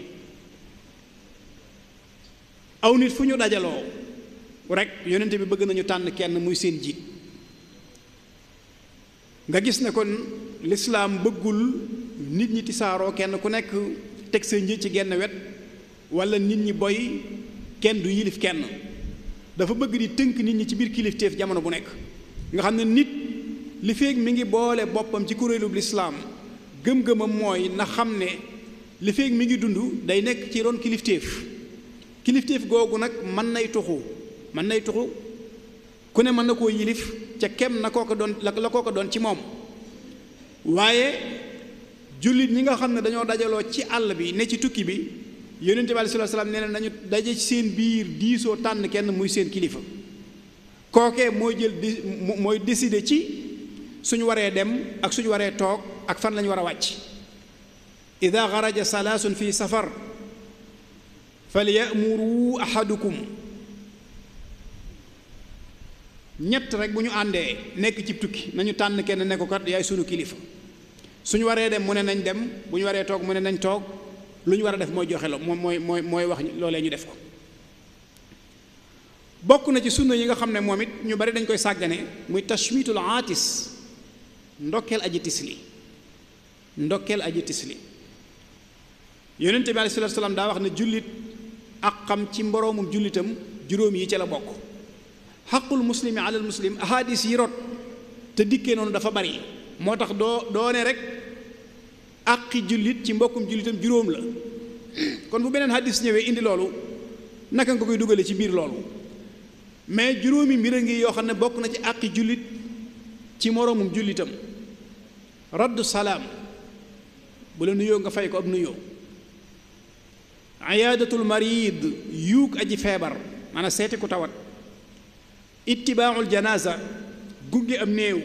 aw nit fu ñu dajaloo rek yonente bi bëgg nañu tànn kenn muy seen jiit nga gis ne kon lislaam bëggul nit ñi tisaaroo kenn ku nekk teg sa nji ci genn wet wala nit ñi boy kenn du yilif kenn dafa bëgg di tënk nit ñi ci biir kilifteef jamono bu nekk nga xam ne nit li feeg mi ngi boole boppam ci kuréelu lislaam gëm-gëmam mooy na xam ne li mi ngi dund day nekk ci ron kilifteef kilifteef googu nag mën nay tuxu mën nay tuxu ku ne mën na koo yilif ca kem na koo ko doon la koo ko doon ci moom waaye jullit ñi nga xam ne dañoo dajaloo ci àll bi ne ci tukki bi yonente bi alayhi salaam nee na nañu daje ci seen biir diisoo tànn kenn muy seen kilifa kookee mooy jël di mooy décider ci suñu waree dem ak suñu waree toog ak fan lañu war a wàcc ida xaraja salaasun fii safar falyamuru ahadukum ñett rek bu ñu àndee nekk ci tukki nañu tànn kenn ne ko yaay sunu kilifa suñu waré dem mune nañ dem bu waré tok mune nañ tok lu wara def moy joxe lo moy moy mooy wax lolé ñu def ko bokku na ci sunna yi nga xamne momit ñu bari dañ koy sagane muy tashmitul atis ndokkeel aji tisli ndokkeel aji tisli yonente bi alayhi salaatu salaam daa wax ne julit akam ci mboroomum julitam juróom yi ci la bokku xaqul muslimi alal muslim ahadith yi rot te dikke nonu dafa bari moo tax doo doone rek àqi jullit ci mbokkum jullitam juróom la kon bu beneen hadis ñëwee indi loolu naka nga koy dugale ci biir loolu mais juróomi mbir a ngi yoo xam ne bokk na ci àqi jullit ci moroomum jullitam raddu salaam bu la nuyoo nga fay ko ab nuyoo ayaadatul marid yuug aji feebar maanaam seeti ku tawat ittibaaul janaasa gunge am néew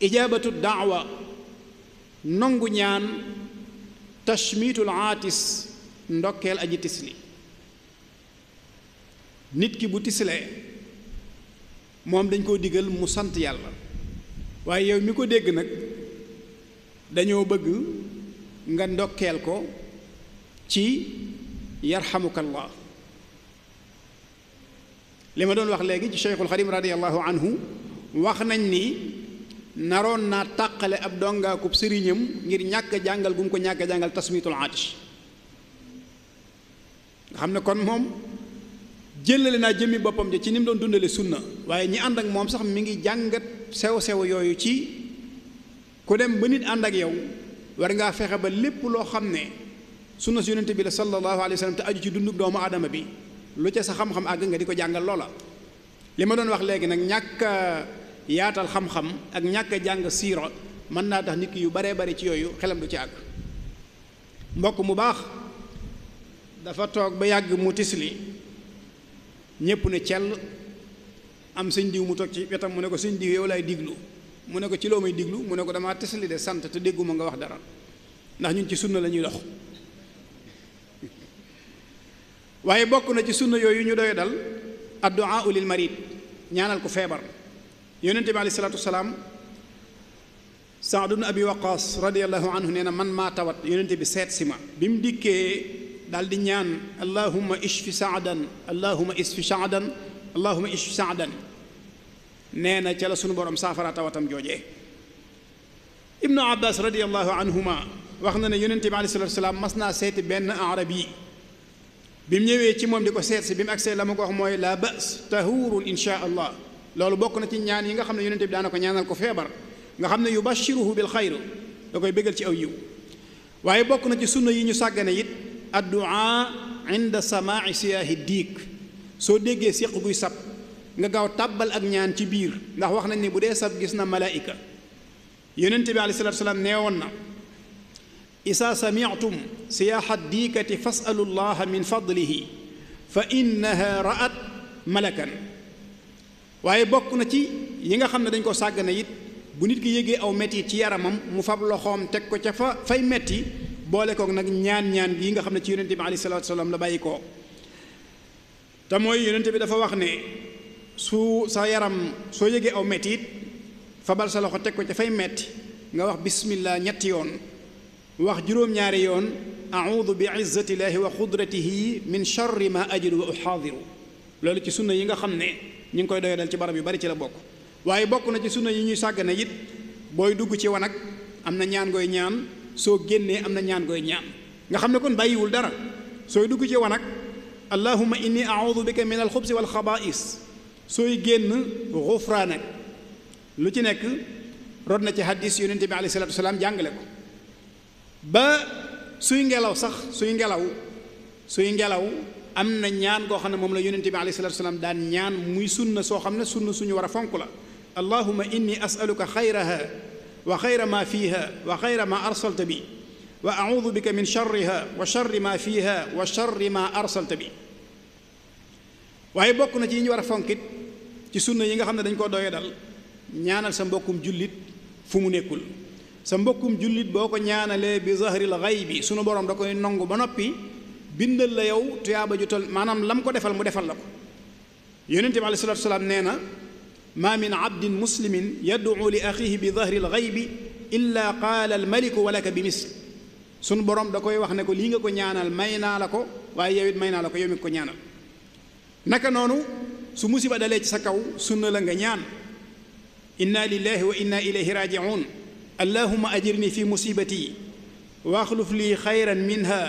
ijabatu da'wa nongu ñaan tashmitul atis ndokkel aji tisli nit ki bu tisle mom dañ ko diggal mu sant yalla waye yow mi ko deg nak dañoo bëgg nga ndokkeel ko ci yarhamukallah li doon wax legi ci shaykhul radiyallahu anhu wax nañ ni naroon naa tàqale ab dongaakub sëriñam ngir ñàkk a jàngal gu mu ko ñàkk a jàngal tasmitul aatish nga xam ne kon moom jëlale naa jëmmi boppam ja ci ni mu doon dundale sunna waaye ñi ànd ak moom sax mi ngi jàngat sew-sew yooyu ci ku dem ba nit ànd ak yow war ngaa fexe ba lépp loo xam ne sunna si yonente bi la sallallahu alayhi wa sallam te aju doomu aadama bi lu ca sa xam-xam àgg nga di ko jàngal loola li ma doon wax léegi nag ñàkk yaatal xam-xam ak ñàkk jàng siira mën naa tax nit ki yu baree bari ci yooyu xelam du ci àgg mbokk mu baax dafa toog ba yàgg mu tisli ñépp ne cell am sëñ diw mu toog ci wetam mu ne ko sëñ diw yow laay diglu mu ne ko ci loo may diglu mu ne ko damaa tisli de sant te dégguma nga wax dara ndax ñun ci sunna la ñuy dox waaye bokk na ci sunna yooyu ñu doy dal addu'a lil marid ñaanal ko feebar yonente bi alayhi salaatu wasalaam saad ibn abi waqaas radiallahu anhu nee na man maa tawat yonente bi seet si ma bi mu dikkee daal di ñaan allahuma ishfi saadan allahuma ishfi saadan allahuma ishfi saadan nee na ca la sunu borom saafara tawatam joojee ibnu abbas radiallahu anhuma wax na ne yonente bi alayhi salaatu wasalaam mas naa seeti benn arab yi bi mu ñëwee ci moom di ko seet si bi mu agsee la ma ko wax mooy la bas tahuurun insha allah loolu bokku na ci ñaan yi nga xamne ne bi daana ko ñaanal ko febar nga xamne ne yubashiruhu bil khair da koy bégal ci aw yiw waye bokku na ci sunna yi ñu sagane yit addua inda sama'i siyahi diik so degge séq buy sap nga gaw tabal ak ñaan ci biir ndax wax nañ ni bu dé sap gis na malaika yonente bi alayhi salatu salaam neewon woon na isaa samiatum siyaaha diikati fasalu llaha min fadlihi fa innaha ra'at malakan waaye bokk na ci yi nga xam ne dañ ko sàggane it bu nit ki yégee aw metti ci yaramam mu fab loxoom teg ko ca fa fay metti boole ko nag ñaan ñaan gi nga xam ne ci yonente bi alayhi salatu salaam la bàyyi ko te mooy yonente bi dafa wax ne su sa yaram soo yégee aw metti it fabal sa loxo teg ko ca fay metti nga wax bismillah ñetti yoon wax juróom-ñaari yoon audu bi izzati llahi wa qudratihi min charri ma ajidu wa uxaadiru loolu ci sunna yi nga xam ñu ngi koy doyadal ci barab yu bari ci la bokk waaye bokk na ci sunna yi ñuy sàggane it booy dugg ci wanag am na ñaan gooy ñaan soo génnee am na ñaan gooy ñaan nga xam ne kon bàyyiwul dara sooy dugg ci wanag allahuma inni audu bika min alxubsi wal xabaais sooy génn xufraanak lu ci nekk rod na ci hadis yonent bi alayhi salaatu wasalaam jàngale ko ba suy ngelaw sax suy ngelaw suy ngelaw am na ñaan goo xam ne moom la yonente bi alayhi salatu wasalaam daan ñaan muy sunna soo xam ne sunna suñu war a fonk la allahuma inni asaluka xayraha wa xayra ma fiha wa xayra ma arsalta bi wa audu bika min charriha wa charri ma fiha wa charri ma arsalta bi waaye bokk na ci yi ñu war a fonkit ci sunna yi nga xam ne dañ koo doye dal ñaanal sa mbokkum jullit fu mu nekkul sa mbokkum jullit boo ko ñaanalee bi zahril xay bi sunu borom da koy nongu ba noppi bindal la yow tuyaaba ju tol maanaam lam ko defal mu defal la ko yonente bi alayhi salatu nee na ma min abdin muslimin yad'u li axihi bi dahri alxaybi illa qaala almaliku walaka bi misl sun borom da koy wax ne ko lii nga ko ñaanal may naa la ko waaye yow it may naa la ko yow mi ko ñaanal naka noonu su musiba dalee ci sa kaw sunna la nga ñaan inna lillahi wa inna ilayhi rajiun allahuma ajirni fi musibati wa axluf li xayran minha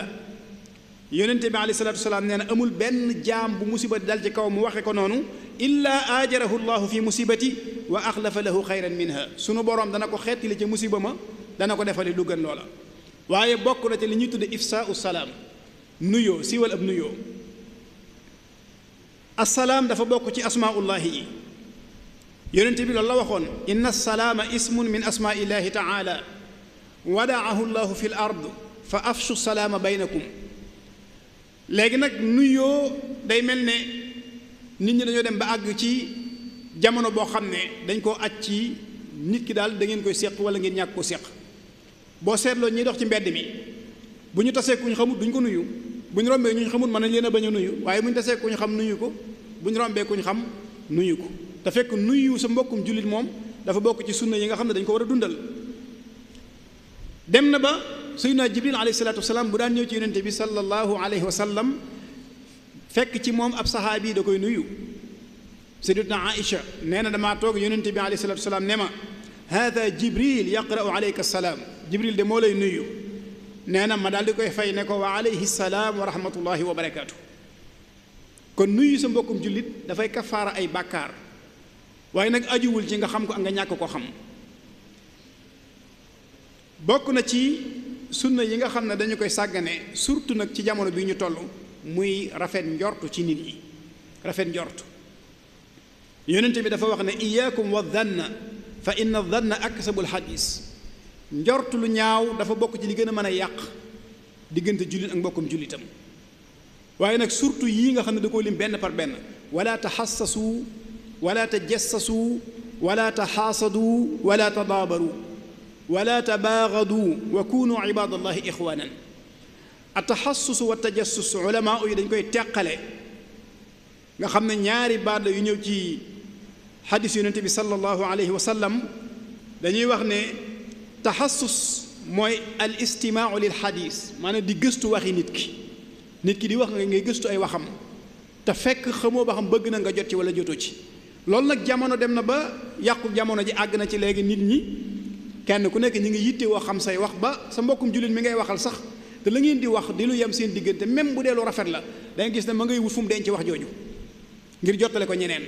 yonente bi alayhi salatu wasalaam nee na amul benn jaam bu musiba dal ci kaw mu waxe ko noonu illaa aajarahu llahu fi musibati wa axlafa lahu xayran minha sunu boroom dana ko xettali ca musiba ma dana ko defali lu gën loola waaye bokk na ci li ñuy tudde ifsaau salaam nuyoo siiwal ab nuyoo assalaam dafa bokk ci asmaullahi yi yonente bi loolu la waxoon inna salaama ismun min asmaillahi taala wadaahu llahu fi l ard fa afshu salaama baynakum léegi nag nuyoo day mel ne nit ñi dañoo dem ba àgg ci jamono boo xam ne dañ koo at ci nit ki daal da ngeen koy seq wala ngeen ñàkk ko seq boo seetloo ñuy dox ci mbedd mi bu ñu tasee ku ñu xamul duñ ko nuyu bu ñu rombee ñu xamul mën nañ leen bañ a nuyu waaye bu ñu xam nuyu ko bu ñu ñu xam nuyu ko te fekk sa mbokkum jullit moom dafa bokk ci sunna yi nga xam ne dañ ko war a dundal dem na ba. sayyidina jibril alayhi salaatu wasalaam bu daan ñëw ci yonente bi sallallahu alayhi wa sallam fekk ci moom ab saxaabi da koy nuyu sayyidatuna aïcha nee na damaa toog yonente bi alayhi salaatu wasalaam ne ma haada jibril yaqra'u alayka salaam jibril de moo lay nuyu nee na ma daal di koy fay ne ko wa alayhi salaam wa rahmatullahi wa barakaatu kon nuyu sa mbokkum jullit dafay kafaara ay bàkkaar waaye nag ajuwul ci nga xam ko ak nga ñàkk ko xam bokk na ci sunna yi nga xamne ne dañu koy sagane surtout nak ci jamono bi ñu tollu muy rafet ndortu ci nit yi rafet ndortu yonent bi dafa wax ne iyyakum wa dhanna fa inna dhanna aksabu al xadis ndortu lu ñaaw dafa bok ci li gëna mëna yàq digënté julit ak mbokum julitam waye nak surtout yi nga xamne da ko lim ben par ben wala tahassasu wala tajassasu wala tahasadu wala tadabaru ولا تباغضوا وكونوا عباد الله إخوانا التحسس والتجسس علماء yi dañ koy teqale nga xam ne ñaari baat la yu ñëw ci xadis yonente bi sallallahu alayhi wa sallam dañuy wax ne taxassus mooy al istimaau lil xadis maanaam di gëstu waxi nit ki nit ki di wax nga ngay gëstu ay waxam te fekk xamoo ba xam bëgg na nga jot ci wala jotoo ci loolu nag jamono dem na ba yàqu jamono ji àgg na ci léegi nit ñi kenn ku nekk ñi ngi yitte wo xam say wax ba sa mbokum julit mi ngay waxal sax te la ngeen di wax di lu yam seen digënté même bu dee lu rafet la da nga gis ne ma ngay wufum fu mu denc wax joju ngir jotalé ko ñeneen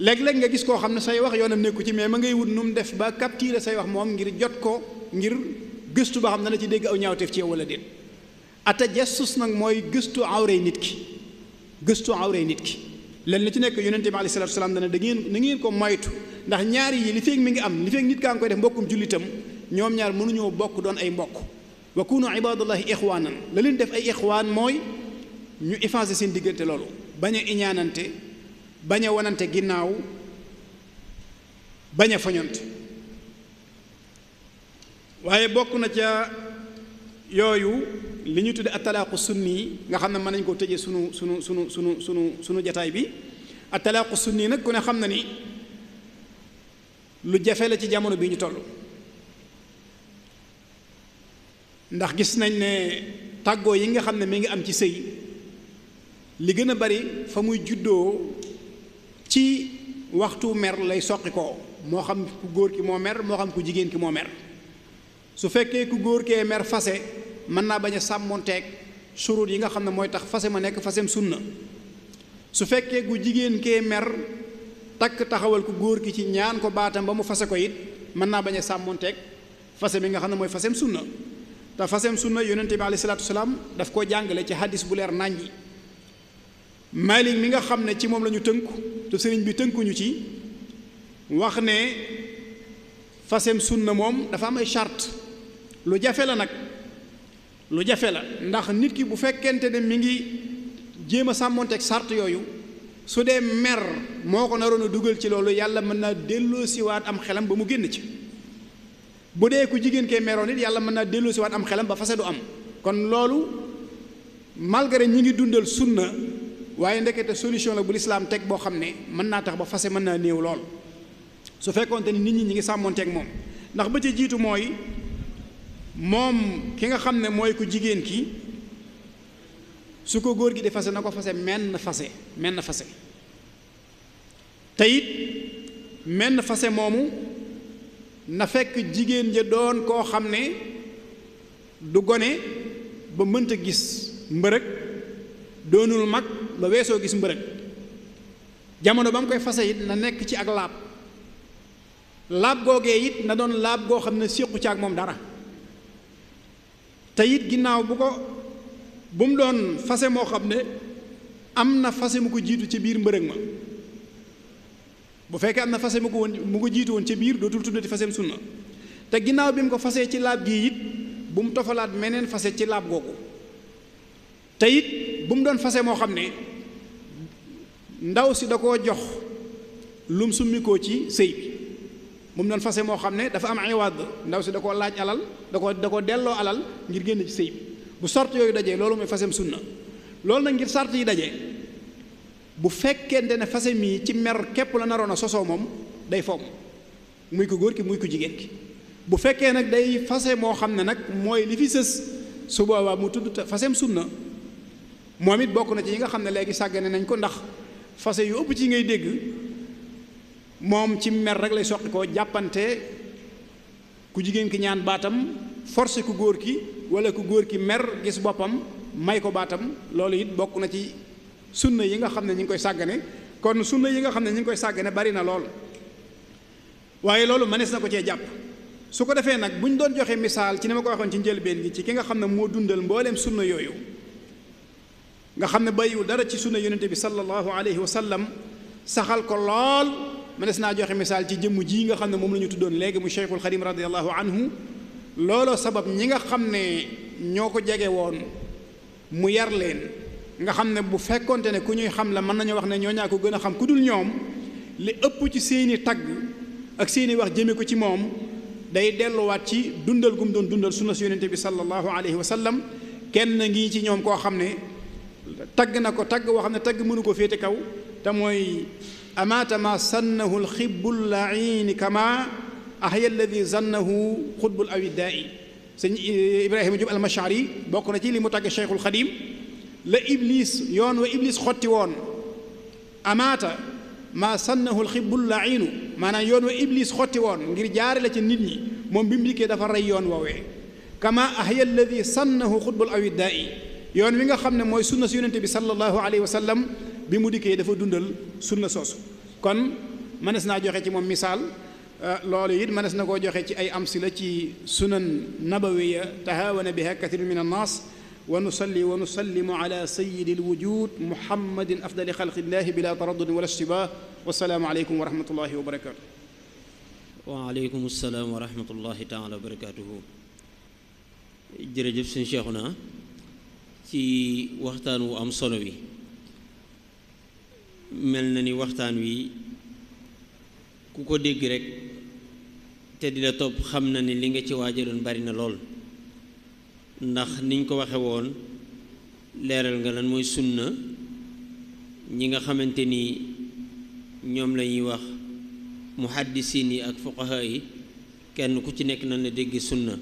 léeg-léeg nga gis ko xam say wax yonam neeku ci mais ma ngay wut num def ba say wax mom ngir jot ko ngir gëstu ba xamna la ci dégg aw ñaawteef ci wala dit ata jessus nak moy gëstu awrey nit gëstu nit leen li ci nekk yonente bi aleyhi salaatu salaam dana da ngeen na ngeen ko moytu ndax ñaar yi li feeg mi ngi am li feeg nit kaa ngi koy def mbokkum jullitam ñoom ñaar mënuñoo bokk doon ay mbokk wa kunu ibadallahi ixwaanan la leen def ay ixwaan mooy ñu effacé seen diggante loolu bañ iñaanante baña a wanante ginnaaw bañ a fañante waaye bokk na ca yooyu li ñu tudde atalaaqu sunni yi nga xam ne mën nañ koo tëjee sunu sunu sunu sunu sunu sunu jataay bi atalaaqu sunni nag ku ne xam na ni lu jafe la ci jamono bi ñu toll ndax gis nañ ne tàggoo yi nga xam ne mi ngi am ci sëy li gën a bari fa muy juddoo ci waxtu mer lay soqi ko moo xam ku góor ki moo mer moo xam ku jigéen ki moo mer su fekkee ku góor kee mer fase mën naa bañ a sàmmonteeg surut yi nga xam ne mooy tax fase ma nekk fasem sunna su fekkee gu jigéen kee mer takk taxawal ku góor gi ci ñaan ko baatam ba mu fase ko it mën naa bañ a sàmmonteeg fase mi nga xam ne mooy fasem sunna te fasem sunna yonente bi alayhi salaatu salaam daf koo jàngale ci hadis bu leer nàññ yi Maalik mi nga xam ne ci moom la ñu tënku te sëriñ bi tënkuñu ci wax ne fasem sunna moom dafa am ay charte lu jafe la nag lu jafe la ndax nit ki bu fekkente ne mi ngi jéem a sàmmonteeg sart yooyu su dee mer moo ko naroon a dugal ci loolu yàlla mën naa delloo siwaat am xelam ba mu génn ci bu dee jigéen kee meroon it yàlla mën naa delloo siwaat am xelam ba fase du am kon loolu malgré ñi ngi dundal sunna waaye ndekete solution la bu lislaam teg boo xam ne mën naa tax ba fase mën naa néew lool su fekkoonte ni nit ñi ñi ngi sàmmonteeg moom ndax ba ci jiitu mooy moom ki nga xam ne mooy ku jigéen ki su ko góor gi di fase na ko fase menn fase menn fase te it menn fase moomu na fekk jigéen ja doon koo xam ne du gone ba mënta gis mbërëg doonul mag la weesoo gis mbërëg jamono ba mu koy fase it na nekk ci ak laab laab googee it na doon laab goo xam ne séqu ci ak moom dara te it ginnaaw bu ko bu mu doon fase moo xam ne am na fase mu ko jiitu ci biir mbërëg ma bu fekkee am na fase mu ko woon mu ko jiitu woon ci biir dootul tuddati faseem sunna te ginnaaw bi mu ko fasee ci laab gii it bu mu tofalaat meneen fase ci laab googu te it bu mu doon fase moo xam ne ndaw si da koo jox lum summikoo ci sëy bi mu mu doon fase moo xam ne dafa am iwaad ndaw si da koo laaj alal da ko da ko delloo alal ngir génn ci sëy bu sart yooyu dajee loolu mooy fasem sunna loolu nag ngir sart yi daje bu fekkente ne fase mii ci mer képp la naroon a sosoo moom day muy ko góor ki muy ko jigéen ki bu fekkee nag day fase moo xam ne nag mooy li fi sës su boobaa mu tudd fasem sunna moom it bokk na ci yi nga xam ne léegi sàggane nañ ko ndax fase yu ëpp ci ngay dégg moom ci mer rek lay soqi ko jàppante ku jigéen ki ñaan baatam forcé ku góor ki wala ku góor ki mer gis boppam may ko baatam loolu it bokk na ci sunna yi nga xam ne ñu ngi koy sàggane kon sunna yi nga xam ne ñu ngi koy sàggane bari na lool waaye loolu mënees na ko cee jàpp su ko defee nag bu ñu doon joxe misaal ci ni ma ko waxoon ci njëlbeen gi ci ki nga xam ne moo dundal mbooleem sunna yooyu nga xam ne bàyyiwul dara ci sunna yonente bi sallallahu alayhi wa sallam saxal ko lool mënees naa joxe misaal ci jëmm ji nga xam ne moom la ñu tuddoon léegi mu Cheikhul Xadim radiallahu anhu looloo sabab ñi nga xam ne ñoo ko jege woon mu yar leen nga xam ne bu fekkonte ne ku ñuy xam la mën nañu wax ne ñoo ñaa ko gën a xam ku dul ñoom li ëpp ci seeni tagg ak seeni wax jëme ko ci moom day delluwaat ci dundal gum doon dundal sunna si yonente bi sallallahu alayhi wa sallam kenn ngi ci ñoom koo xam ne tagg na ko tagg woo xam ne tagg mënu ko féete kaw te mooy أمات ما سنه الخب اللعين كما أحيا الذي زنه خطب الأودائي sëñ Ibrahima Diop al-Mashari bokk na ci li mu tàgge Cheikhul Khadim la Iblis yoon wa Iblis xotti woon amaata maa sannahu alxibbul la'iinu maanaam yoon wa Iblis xotti woon ngir jaare la ci nit ñi moom bi mu dikkee dafa rey yoon woowee kama ahya alladi sannahu xutbul awiddaa yi yoon wi nga xam ne mooy sunna su yonente bi sallallahu alayhi wa sallam bi dikkee dafa dundal sunna soosu kon mënees naa joxe ci moom misaal loolu it mënees na koo joxe ci ay amsila ci sunan nabawiya tahawana biha kathir min annas wa nusalli wa nusallimu ala sayidi alwujud muhammadin afdali xalqillahi bila taraddud wala istibah wasalaamu alaykum wa rahmatullahi wa barakatuh waaleykum asalaam wa rahmatullahi taala wa barakatuhu jërëjëf sëñ Cheikhouna ci waxtaan wu am solo wi mel na ni waxtaan wi ku ko dégg rekk te di la topp xam na ni li nga ci waajaroon bari na lool ndax niñ ko waxe woon leeral nga lan mooy sunna ñi nga xamante ni ñoom lañuy wax wax muhaddisiin yi ak fuqaha yi kenn ku ci nekk na la dégg sunna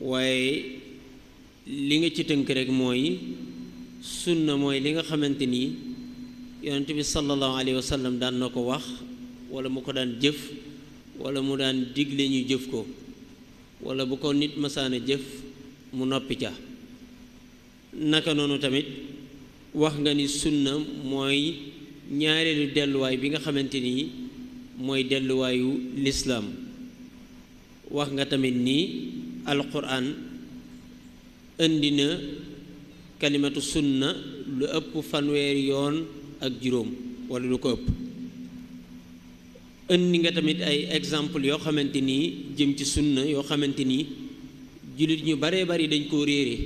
waaye li nga ci tënk rekk mooy sunna mooy li nga xamante ni yonent bi sallallahu alayhi wa daan na ko wax wala mu ko daan jëf walla mu daan digle ñu jëf ko wala bu ko nit masaana jëf mu noppi ca naka noonu tamit wax nga ni sunna mooy ñaareelu delluwaay bi nga xamante nii mooy delluwaayu lislaam wax nga tamit nii alquran indi na kalimatu sunna lu ëpp fanweeri yoon ak juróom walla lu ko ëpp indi nga tamit ay exemple yoo xamante nii jëm ci sunna yoo xamante nii jullit ñu baree bari dañ koo réere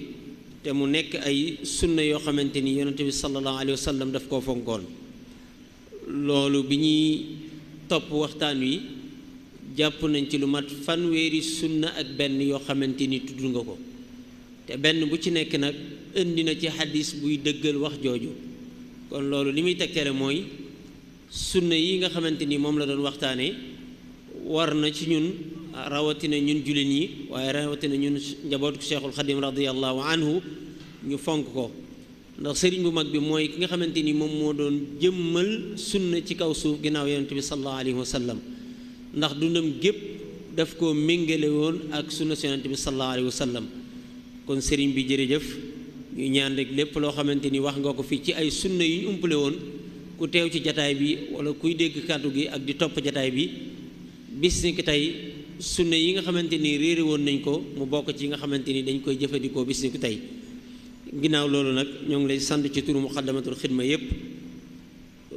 te mu nekk ay sunna yoo xamante ni yonente bi sallallahu alayhi wa sallam daf koo fonkoon loolu bi ñuy topp waxtaan wi jàpp nañ ci lu mat fanweeri sunna ak benn yoo xamante ni tudd nga ko te benn bu ci nekk nag indi na ci xadis buy dëggal wax jooju kon loolu li muy tegtale mooy sunna yi nga xamante ni moom la doon waxtaane war na ci ñun rawatina ñun jullit ñi waaye rawatina ñun njabootu cheikhul xadim radiallahu anhu ñu fonk ko ndax sëriñ bu mag bi mooy ki nga xamante ni moom moo doon jëmmal sunna ci kaw suuf ginnaaw yonent bi sallallahu alayhi wasallam ndax dundam gépp daf koo méngale woon ak sunna si bi sallallahu alayhi wasallam kon sëriñ bi jërëjëf ñuy ñaan rek lépp loo xamante ni wax nga ko fii ci ay sunna yu ñu woon ku teew ci jataay bi wala kuy dégg kàddu gi ak di topp jataay bi bis ni ki tey sunna yi nga xamante ni réere woon nañ ko mu bokk ci yi nga xamante ni dañ koy jëfandikoo bis ni tey ginnaaw loolu nag ñoo ngi lay sant ci turu muqaddamatul xidma yépp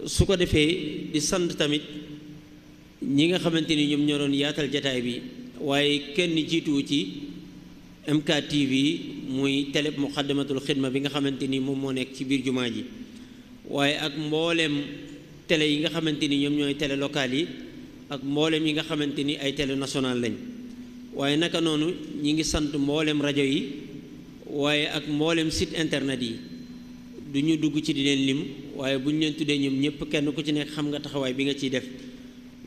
su ko defee di sant tamit ñi nga xamante ni ñoom ñoo yaatal jataay bi waaye kenn jiituwu ci MK muy télé muxaddamatul xidma bi nga xamante ni moom moo nekk ci biir jumaa ji waaye ak mbooleem télé yi nga xamante ni ñoom ñooy tele locale yi ak mbooleem yi nga xamante ni ay tele national lañ waaye naka noonu ñi ngi sant mbooleem rajo yi waaye ak mbooleem site internet yi duñu dugg ci di leen lim waaye bu ñu leen tuddee ñoom ñëpp kenn ku ci nekk xam nga taxawaay bi nga ciy def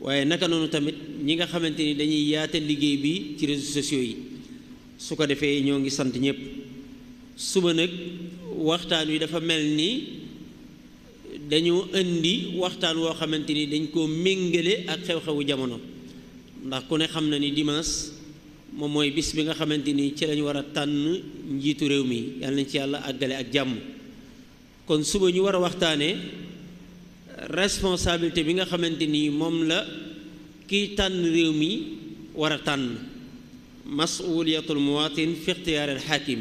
waaye naka noonu tamit ñi nga xamante ni dañuy yaatal liggéey bi ci réseaux yi su ko defee ñoo ngi sant ñëpp suba nag waxtaan wi dafa mel ni dañoo indi waxtaan woo xamante ni dañ koo méngale ak xew-xewu jamono ndax ku ne xam na ni dimanche moom mooy bis bi nga xamante ni ci lañu war a tànn njiitu réew mi yàlla nañ ci yàlla àggale ak jàmm kon suba ñu war a waxtaanee responsabilité bi nga xamante ni la kiy tànn réew mi war a مسؤولية المواطن في اختيار الحاكم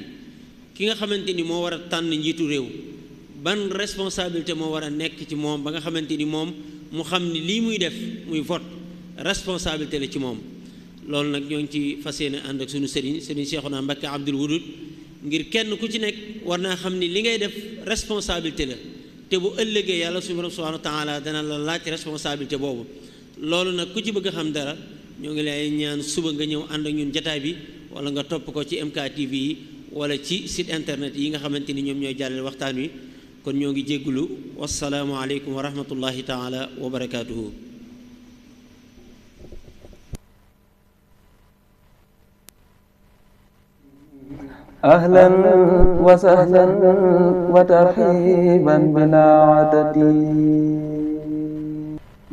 كي خمنتني مو ورا تان نجيتو ريو بان ريسبونسابيلتي مو ورا نيك تي موم باغا خمنتني موم مو خامني لي موي ديف موي فوت ريسبونسابيلتي لا تي موم لول نك نيون تي فاسيني اندك سونو سيرين سيرين شيخنا مبك عبد الودود ngir kenn ku ci nek warna xamni li ngay def responsabilité la te bu ëllëgé yalla subhanahu wa ta'ala dana la laacc responsabilité bobu loolu nak ku ci bëgg ñoo ngi ay ñaan suba nga ñëw ànd ak ñun jataay bi wala nga topp ko ci MKTV yi wala ci site internet yi nga xamante ni ñoom ñooy jàllale waxtaan wi kon ñoo ngi jéggulu wasalaamu aleykum wa rahmatullahi taala wa barakaatuhu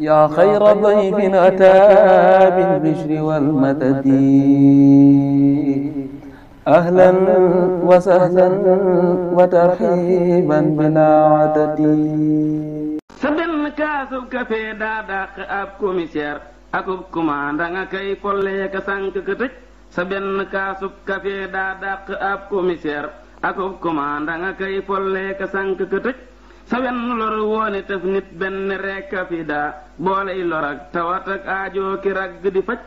يا خير ضيف أتى بالبشر والمدد أهلا وسهلا وترحيبا بلا عدد سدن كاسو كفي دادا خاب كوميسير أكوب كمان دانا كي فولي كسانك كتك سبن كاسو كفي دادا خاب كوميسير أكوب كمان دانا كي فولي كسانك كتك sa wenn lor woone tëf nit benn rekk a fi daa boolay lor ak tawat ak aajoo di faj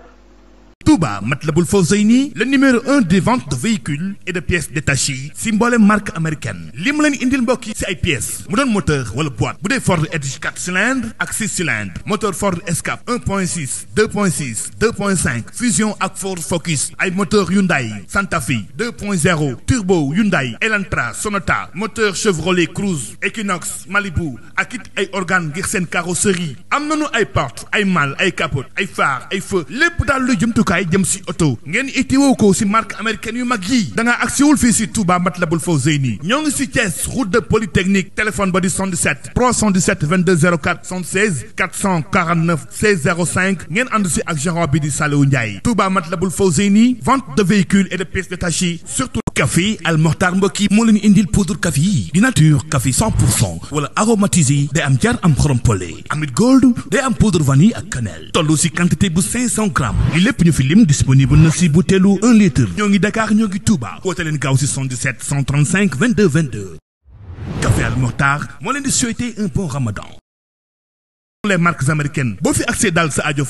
Touba Matlabul Fawzayni le numéro 1 des ventes de véhicules et de pièces détachées symbole marque américaine li c'est indil mbokk si ay pièces mu moteur wala boîte Ford Edge 4 cylindres ak 6 cylindres moteur Ford Escape 1.6 2.6 2.5 fusion ak Ford Focus ay moteur Hyundai Santa Fe 2.0 turbo Hyundai Elantra Sonata moteur Chevrolet Cruze Equinox Malibu Akit it ay organes carrosserie am nañu ay porte ay mal ay capote ay phare ay feu Les poudres le jumtukaay jumtukaay dem ci auto ngeen itiwoo ko marque américaine yu mag yi da ngaa agsiwul fi ci Touba Matlabul Fawzeyni ñoo ngi Thiès route de Polytechnique téléphone ba di 77 317 2204 04 76 449 16 05 ngeen ànd si ak gérant bi di Saliou Touba Matlabul vente de véhicules et de pièces détachées surtout café Al mortar mbokk mo indil poudre café yi nature café 100 ou wala aromatisé de am jar am xorom amit gold de am poudre vanille ak cannelle toll si quantité bu 500 grammes Il est, ñu fi lim disponible na si ou 1 litre ñoo Dakar ñoo ngi Touba woote leen 135 22 22 café Al mortar mo leen di souhaiter un bon ramadan les marques américaines vous fi accès dal sa adio